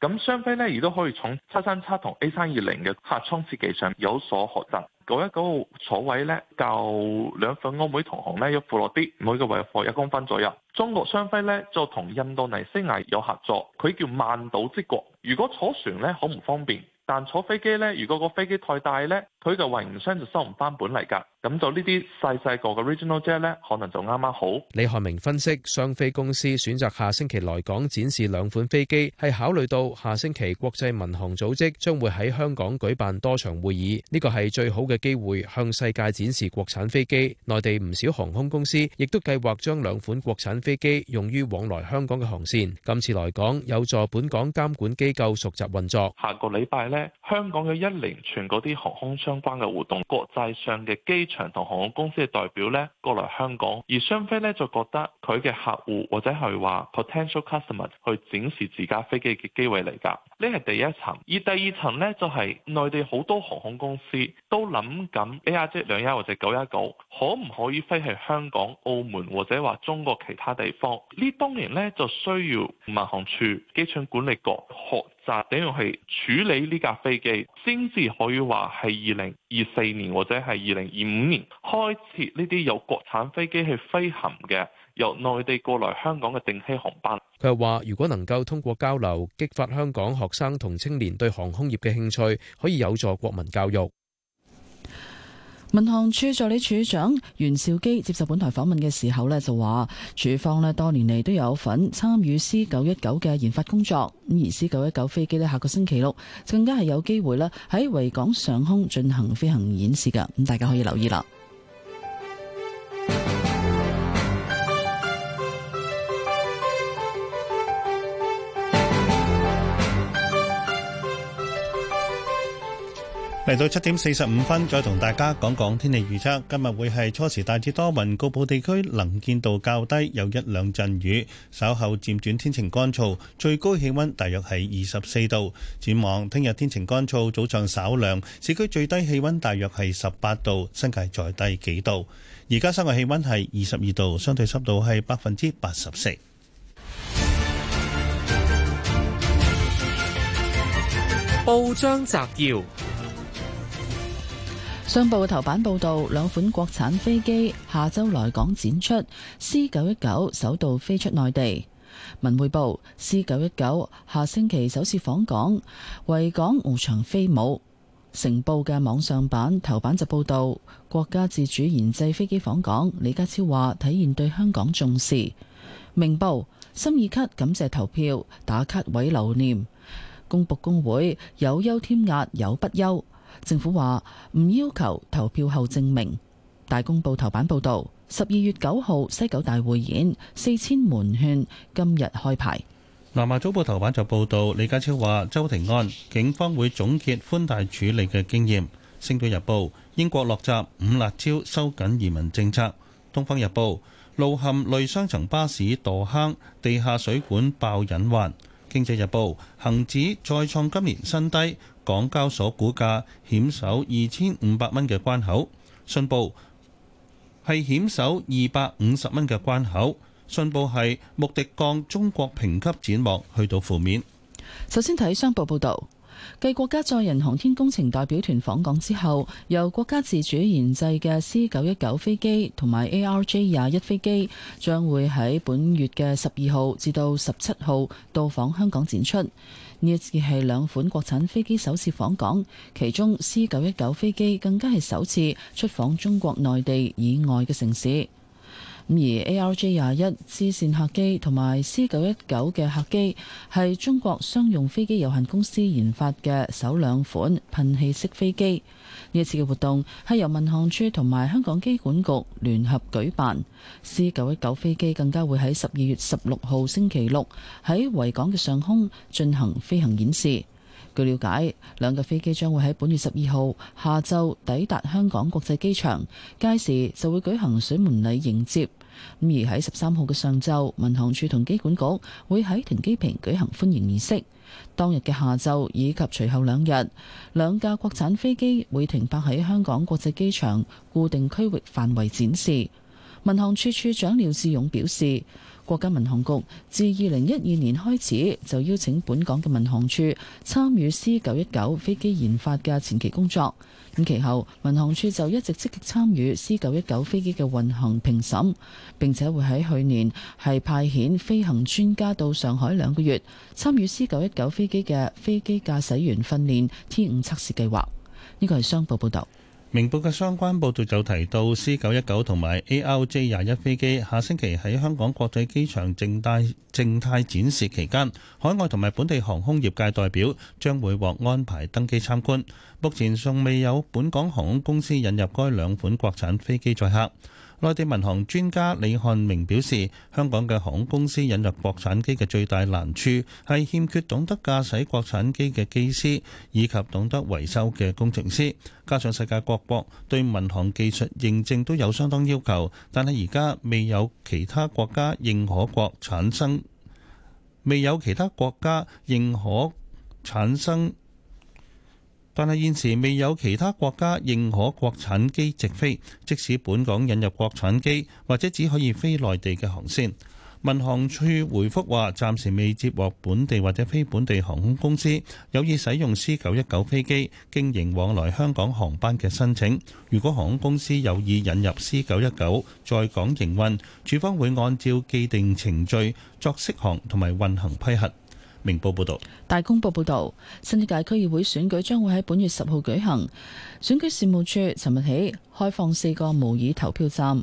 咁商飛咧，亦都可以從七三七同 A 三二零嘅客艙設計上有所學習。九一九號坐呢個座位咧，較兩份歐美同行咧要闊落啲，每個位闊一公分左右。中國商飛咧就同印度尼西亞有合作，佢叫萬島之國。如果坐船咧，好唔方便，但坐飛機咧，如果個飛機太大咧。佢嘅運營商就收唔翻本嚟㗎，咁就呢啲細細個嘅 regional jet 呢，可能就啱啱好。李漢明分析，商飛公司選擇下星期來港展示兩款飛機，係考慮到下星期國際民航組織將會喺香港舉辦多場會議，呢、這個係最好嘅機會向世界展示國產飛機。內地唔少航空公司亦都計劃將兩款國產飛機用於往來香港嘅航線。今次來港有助本港監管機構熟習運作。下個禮拜呢，香港嘅一連串嗰啲航空商。相關嘅活動，國際上嘅機場同航空公司嘅代表咧過嚟香港，而商飛咧就覺得佢嘅客戶或者係話 potential customer 去展示自家飛機嘅機會嚟㗎，呢係第一層。而第二層咧就係、是、內地好多航空公司都諗緊 A、A、J 兩一或者九一九可唔可以飛去香港、澳門或者話中國其他地方？呢當然咧就需要民航處、機場管理局學。就點樣去處理呢架飛機，先至可以話係二零二四年或者係二零二五年開設呢啲有國產飛機去飛行嘅由內地過來香港嘅定期航班。佢又話：如果能夠通過交流激發香港學生同青年對航空業嘅興趣，可以有助國民教育。民航處助理處長袁兆基接受本台訪問嘅時候呢就話，處方呢多年嚟都有份參與 C 九一九嘅研發工作，咁而 C 九一九飛機呢下個星期六更加係有機會呢喺維港上空進行飛行演示噶，咁大家可以留意啦。嚟到七點四十五分，再同大家講講天氣預測。今日會係初時大致多雲，局部地區能見度較低，有一兩陣雨。稍後漸轉天晴，乾燥，最高氣温大約係二十四度。展望聽日天晴乾燥，早上稍涼，市區最低氣温大約係十八度，新界再低幾度。而家室外氣温係二十二度，相對濕度係百分之八十四。報章摘要。商報頭版報道，兩款國產飛機下周來港展出，C 九一九首度飛出內地。文匯報 C 九一九下星期首次訪港，為港翱翔飛舞。成報嘅網上版頭版就報道國家自主研製飛機訪港，李家超話體現對香港重視。明報心意卡，感謝投票，打卡位留念。公布工會有憂添壓，有不憂。政府話唔要求投票後證明。大公報頭版報導，十二月九號西九大會演四千門券今日開牌。南華早報頭版就報導，李家超話：周庭案，警方會總結寬大處理嘅經驗。星島日報，英國落閘五辣招，收緊移民政策。東方日報，路陷累雙層巴士墮坑，地下水管爆隱患。經濟日報，恒指再創今年新低。港交所股價險守二千五百蚊嘅關口，信報係險守二百五十蚊嘅關口，信報係穆迪降中國評級展望去到負面。首先睇商報報導，繼國家載人航天工程代表團訪港之後，由國家自主研製嘅 C 九一九飛機同埋 ARJ 廿一飛機將會喺本月嘅十二號至到十七號到訪香港展出。呢一次係兩款國產飛機首次訪港，其中 C 九一九飛機更加係首次出訪中國內地以外嘅城市。咁而 ARJ 廿一支線客機同埋 C 九一九嘅客機係中國商用飛機有限公司研發嘅首兩款噴氣式飛機。呢一次嘅活動係由民航處同埋香港機管局聯合舉辦，C 九一九飛機更加會喺十二月十六號星期六喺維港嘅上空進行飛行演示。據了解，兩架飛機將會喺本月十二號下晝抵達香港國際機場，屆時就會舉行水門禮迎接。咁而喺十三號嘅上晝，民航處同機管局會喺停機坪舉行歡迎儀式。當日嘅下晝以及隨後兩日，兩架國產飛機會停泊喺香港國際機場固定區域範圍展示。民航處處長廖志勇表示，國家民航局自二零一二年開始就邀請本港嘅民航處參與 C 九一九飛機研發嘅前期工作。咁其後，民航處就一直積極參與 C 九一九飛機嘅運行評審，並且會喺去年係派遣飛行專家到上海兩個月，參與 C 九一九飛機嘅飛機駕駛員訓練 T 五測試計劃。呢個係商報報導。明報嘅相關報導就提到，C 九一九同埋 A R J 廿一飛機下星期喺香港國際機場靜態靜態展示期間，海外同埋本地航空業界代表將會獲安排登機參觀。目前尚未有本港航空公司引入該兩款國產飛機載客。內地民航專家李漢明表示，香港嘅航空公司引入國產機嘅最大難處係欠缺懂得駕駛國產機嘅機師以及懂得維修嘅工程師。加上世界各國對民航技術認證都有相當要求，但係而家未有其他國家認可國產生，未有其他國家認可產生。但係現時未有其他國家認可國產機直飛，即使本港引入國產機或者只可以飛內地嘅航線。民航處回覆話，暫時未接獲本地或者非本地航空公司有意使用 C919 飛機經營往來香港航班嘅申請。如果航空公司有意引入 C919 在港營運，處方會按照既定程序作適航同埋運行批核。明報報道，大公報報道，新一屆區議會選舉將會喺本月十號舉行。選舉事務處尋日起開放四個模擬投票站，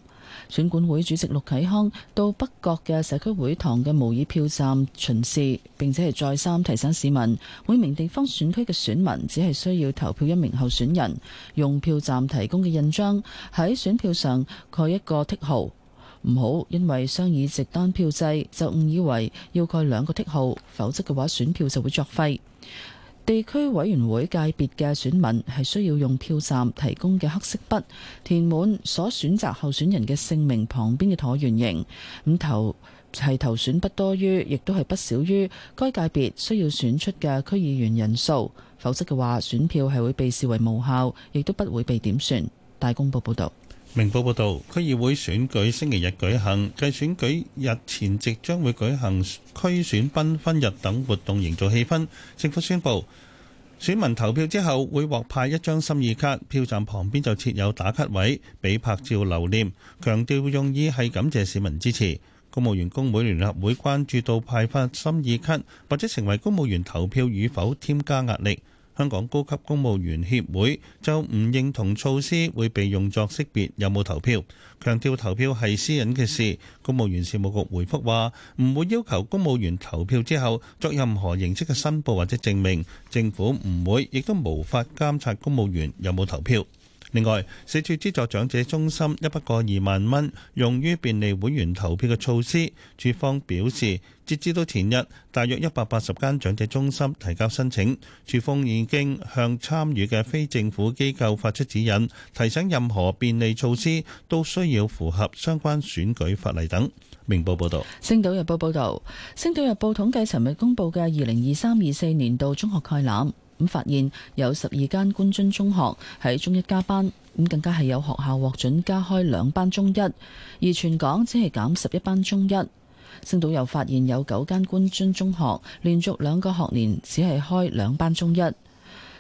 選管會主席陸啟康到北角嘅社區會堂嘅模擬票站巡視，並且係再三提醒市民，每名地方選區嘅選民只係需要投票一名候選人，用票站提供嘅印章喺選票上蓋一個剔號。唔好，因為雙議席單票制，就誤以為要蓋兩個剔號，否則嘅話選票就會作廢。地區委員會界別嘅選民係需要用票站提供嘅黑色筆填滿所選擇候選人嘅姓名旁邊嘅橢圓形。咁、嗯、投係投選不多於，亦都係不少於該界別需要選出嘅區議員人數，否則嘅話選票係會被視為無效，亦都不會被點算。大公報報道。，明報報道，區議會選舉星期日舉行，繼選舉日前夕將會舉行區選繽紛日等活動營造氣氛。政府宣布，選民投票之後會獲派一張心意卡，票站旁邊就設有打卡位，俾拍照留念，強調用意係感謝市民支持。公務員工會聯合會關注到派發心意卡或者成為公務員投票與否添加壓力。香港高級公務員協會就唔認同措施會被用作識別有冇投票，強調投票係私隱嘅事。公務員事務局回覆話，唔會要求公務員投票之後作任何形式嘅申報或者證明，政府唔會，亦都無法監察公務員有冇投票。另外，社署資助長者中心一筆過二萬蚊，用於便利會員投票嘅措施。署方表示，截至到前日，大約一百八十間長者中心提交申請。署方已經向參與嘅非政府機構發出指引，提醒任何便利措施都需要符合相關選舉法例等。明報報道。《星島日報》報道，《星島日報》統計，尋日公佈嘅二零二三二四年度中學概覽。咁發現有十二間官津中學喺中一加班，咁更加係有學校獲准加開兩班中一，而全港只係減十一班中一。星島又發現有九間官津中學連續兩個學年只係開兩班中一。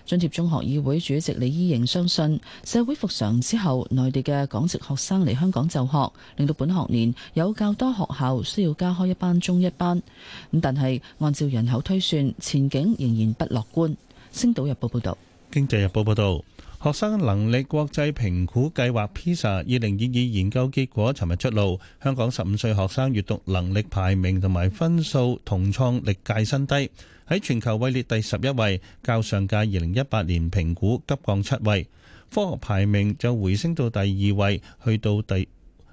津貼中學議會主席李依瑩相信，社會復常之後，內地嘅港籍學生嚟香港就學，令到本學年有較多學校需要加開一班中一班。咁但係按照人口推算，前景仍然不樂觀。星島日報報道，經濟日報報道，學生能力國際評估計劃 （PISA） 二零二二研究結果尋日出爐。香港十五歲學生閱讀能力排名同埋分數同創歷屆新低，喺全球位列第十一位，較上屆二零一八年評估急降七位。科學排名就回升到第二位，去到第，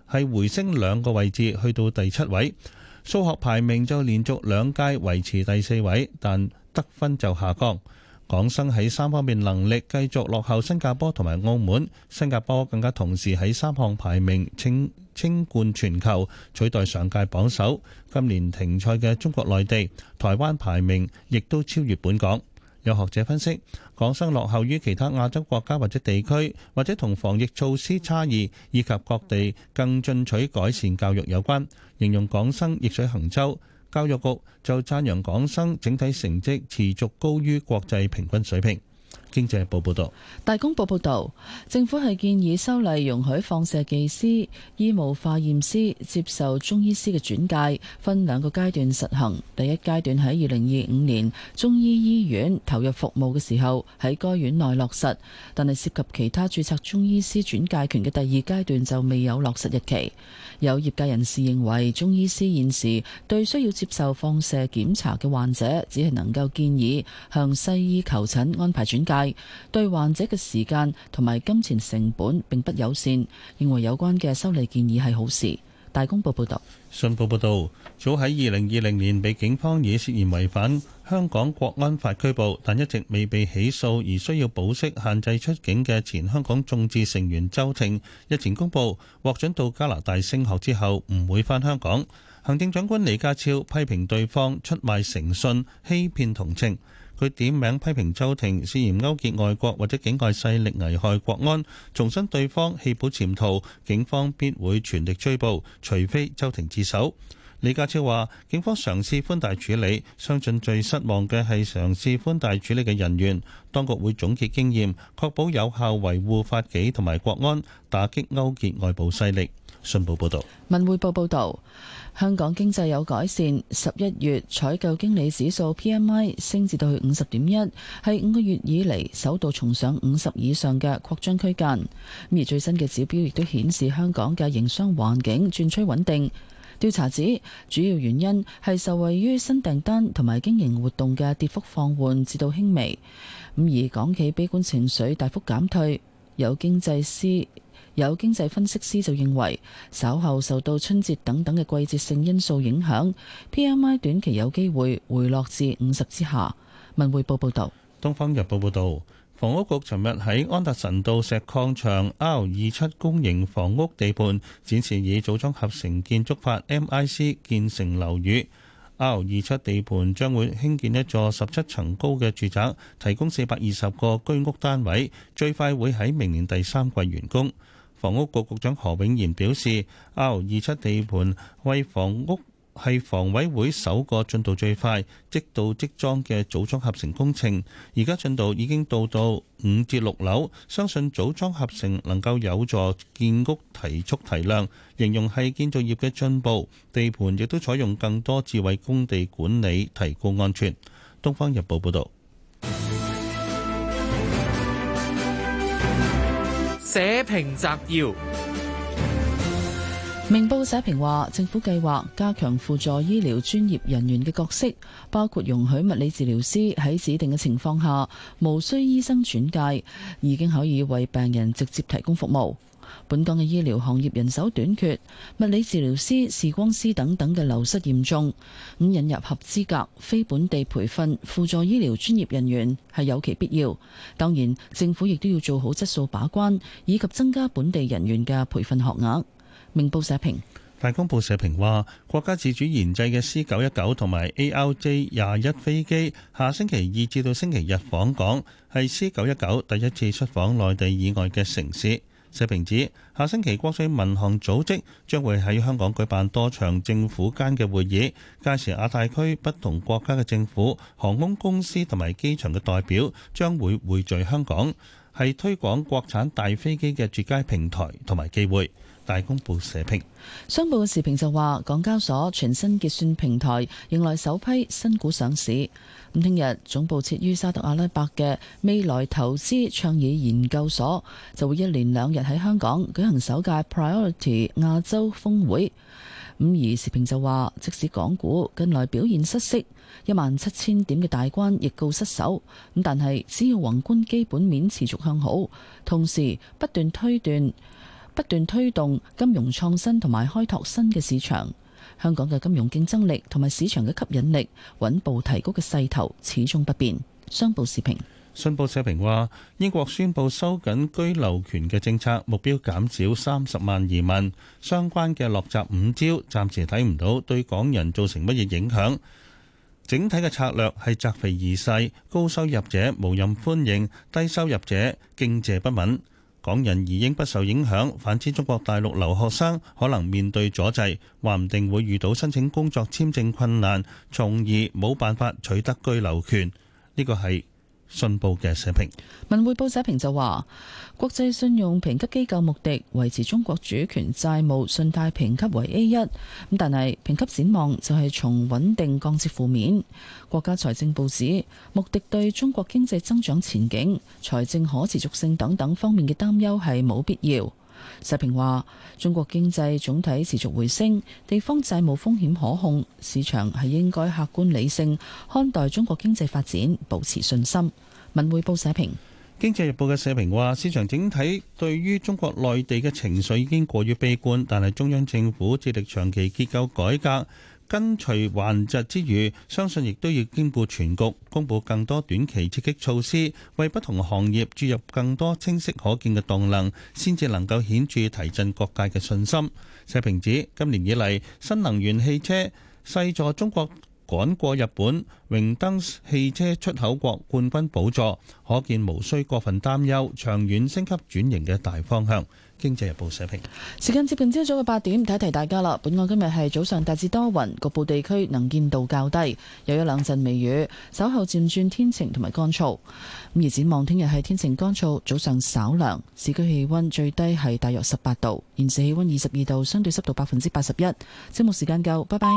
係回升兩個位置，去到第七位。數學排名就連續兩屆維持第四位，但得分就下降。港生喺三方面能力繼續落後新加坡同埋澳門，新加坡更加同時喺三項排名稱稱冠全球，取代上屆榜首。今年停賽嘅中國內地、台灣排名亦都超越本港。有學者分析，港生落後於其他亞洲國家或者地區，或者同防疫措施差異以及各地更進取改善教育有關，形容港生逆水行舟。教育局就讚揚港生整體成績持續高於國際平均水平。經濟日報報道，大公報報道，政府係建議修例容許放射技師醫務化驗師接受中醫師嘅轉介，分兩個階段實行。第一階段喺二零二五年中醫醫院投入服務嘅時候，喺該院內落實，但係涉及其他註冊中醫師轉介權嘅第二階段就未有落實日期。有業界人士認為，中醫師現時對需要接受放射檢查嘅患者，只係能夠建議向西醫求診安排轉介，對患者嘅時間同埋金錢成本並不友善，認為有關嘅修例建議係好事。大公報報導，信報報道，早喺二零二零年被警方以涉嫌違反香港國安法拘捕，但一直未被起訴而需要保釋限制出境嘅前香港眾志成員周庭，日前公布獲准到加拿大升學，之後唔會返香港。行政長官李家超批評對方出賣誠信、欺騙同情。佢點名批評周庭涉嫌勾結外國或者境外勢力危害國安，重申對方棄保潛逃，警方必會全力追捕，除非周庭自首。李家超話：警方嘗試寬大處理，相信最失望嘅係嘗試寬大處理嘅人員。當局會總結經驗，確保有效維護法紀同埋國安，打擊勾結外部勢力。信報報導，文匯報報道：「香港經濟有改善。十一月採購經理指數 PMI 升至到去五十點一，係五個月以嚟首度重上五十以上嘅擴張區間。而最新嘅指標亦都顯示香港嘅營商環境轉趨穩定。調查指主要原因係受惠於新訂單同埋經營活動嘅跌幅放緩至到輕微，咁而港企悲觀情緒大幅減退。有經濟師、有經濟分析師就認為，稍後受到春節等等嘅季節性因素影響，PMI 短期有機會回落至五十之下。文匯報報道。東方日報報導。房屋局尋日喺安達臣道石礦場 R 二七公營房屋地盤展示以組裝合成建築法 （MIC） 建成樓宇。R 二七地盤將會興建一座十七層高嘅住宅，提供四百二十個居屋單位，最快會喺明年第三季完工。房屋局局長何永賢表示，R 二七地盤為房屋，係房委會首個進度最快、即到即裝嘅組裝合成工程，而家進度已經到到五至六樓，相信組裝合成能夠有助建屋提速提量，形容係建造業嘅進步。地盤亦都採用更多智慧工地管理，提供安全。東方日報報道。社評摘要。明報社評話，政府計劃加強輔助醫療專業人員嘅角色，包括容許物理治療師喺指定嘅情況下，無需醫生轉介，已經可以為病人直接提供服務。本港嘅醫療行業人手短缺，物理治療師、視光師等等嘅流失嚴重，咁引入合資格非本地培訓輔助醫療專,專業人員係有其必要。當然，政府亦都要做好質素把關，以及增加本地人員嘅培訓學額。明報社評，大公報社評話，國家自主研製嘅 C 九一九同埋 A R J 廿一飛機下星期二至到星期日訪港，係 C 九一九第一次出訪內地以外嘅城市。社評指，下星期國際民航組織將會喺香港舉辦多場政府間嘅會議，屆時亞太區不同國家嘅政府航空公司同埋機場嘅代表將會匯聚香港，係推廣國產大飛機嘅絕佳平台同埋機會。大公報社評，商報嘅時評就話，港交所全新結算平台迎來首批新股上市。咁聽日總部設於沙特阿拉伯嘅未來投資倡議研究所就會一連兩日喺香港舉行首屆 Priority 亞洲峰會。咁而時評就話，即使港股近來表現失色，一萬七千點嘅大關亦告失守。咁但係只要宏觀基本面持續向好，同時不斷推斷。不斷推動金融創新同埋開拓新嘅市場，香港嘅金融競爭力同埋市場嘅吸引力穩步提高嘅勢頭始終不變。商報時評，信報社評話，英國宣布收緊居留權嘅政策，目標減少三十萬移民，相關嘅落閘五招暫時睇唔到對港人造成乜嘢影響。整體嘅策略係擇肥而噬，高收入者無任歡迎，低收入者敬謝不敏。港人而應不受影響，反之中國大陸留學生可能面對阻滯，話唔定會遇到申請工作簽證困難，從而冇辦法取得居留權。呢個係。信報嘅社評，文匯報社評就話：國際信用評級機構穆迪維持中國主權債務信貸評級為 A 一，咁但係評級展望就係從穩定降至負面。國家財政部指，穆迪對中國經濟增長前景、財政可持續性等等方面嘅擔憂係冇必要。社評話：中國經濟總體持續回升，地方債務風險可控，市場係應該客觀理性看待中國經濟發展，保持信心。文匯報社評，經濟日報嘅社評話：市場整體對於中國內地嘅情緒已經過於悲觀，但係中央政府致力長期結構改革。跟隨環節之餘，相信亦都要兼顧全局，公布更多短期刺激措施，為不同行業注入更多清晰可見嘅動能，先至能夠顯著提振各界嘅信心。社評指今年以嚟，新能源汽車勢助中國趕過日本，榮登汽車出口國冠軍寶座，可見無需過分擔憂，長遠升級轉型嘅大方向。《經濟日報》社評，時間接近朝早嘅八點，提提大家啦。本港今日係早上大致多雲，局部地區能見度較低，有咗兩陣微雨，稍後漸轉天晴同埋乾燥。而展望聽日係天晴乾燥，早上稍涼，市區氣温最低係大約十八度，現時氣温二十二度，相對濕度百分之八十一。節目時間夠，拜拜。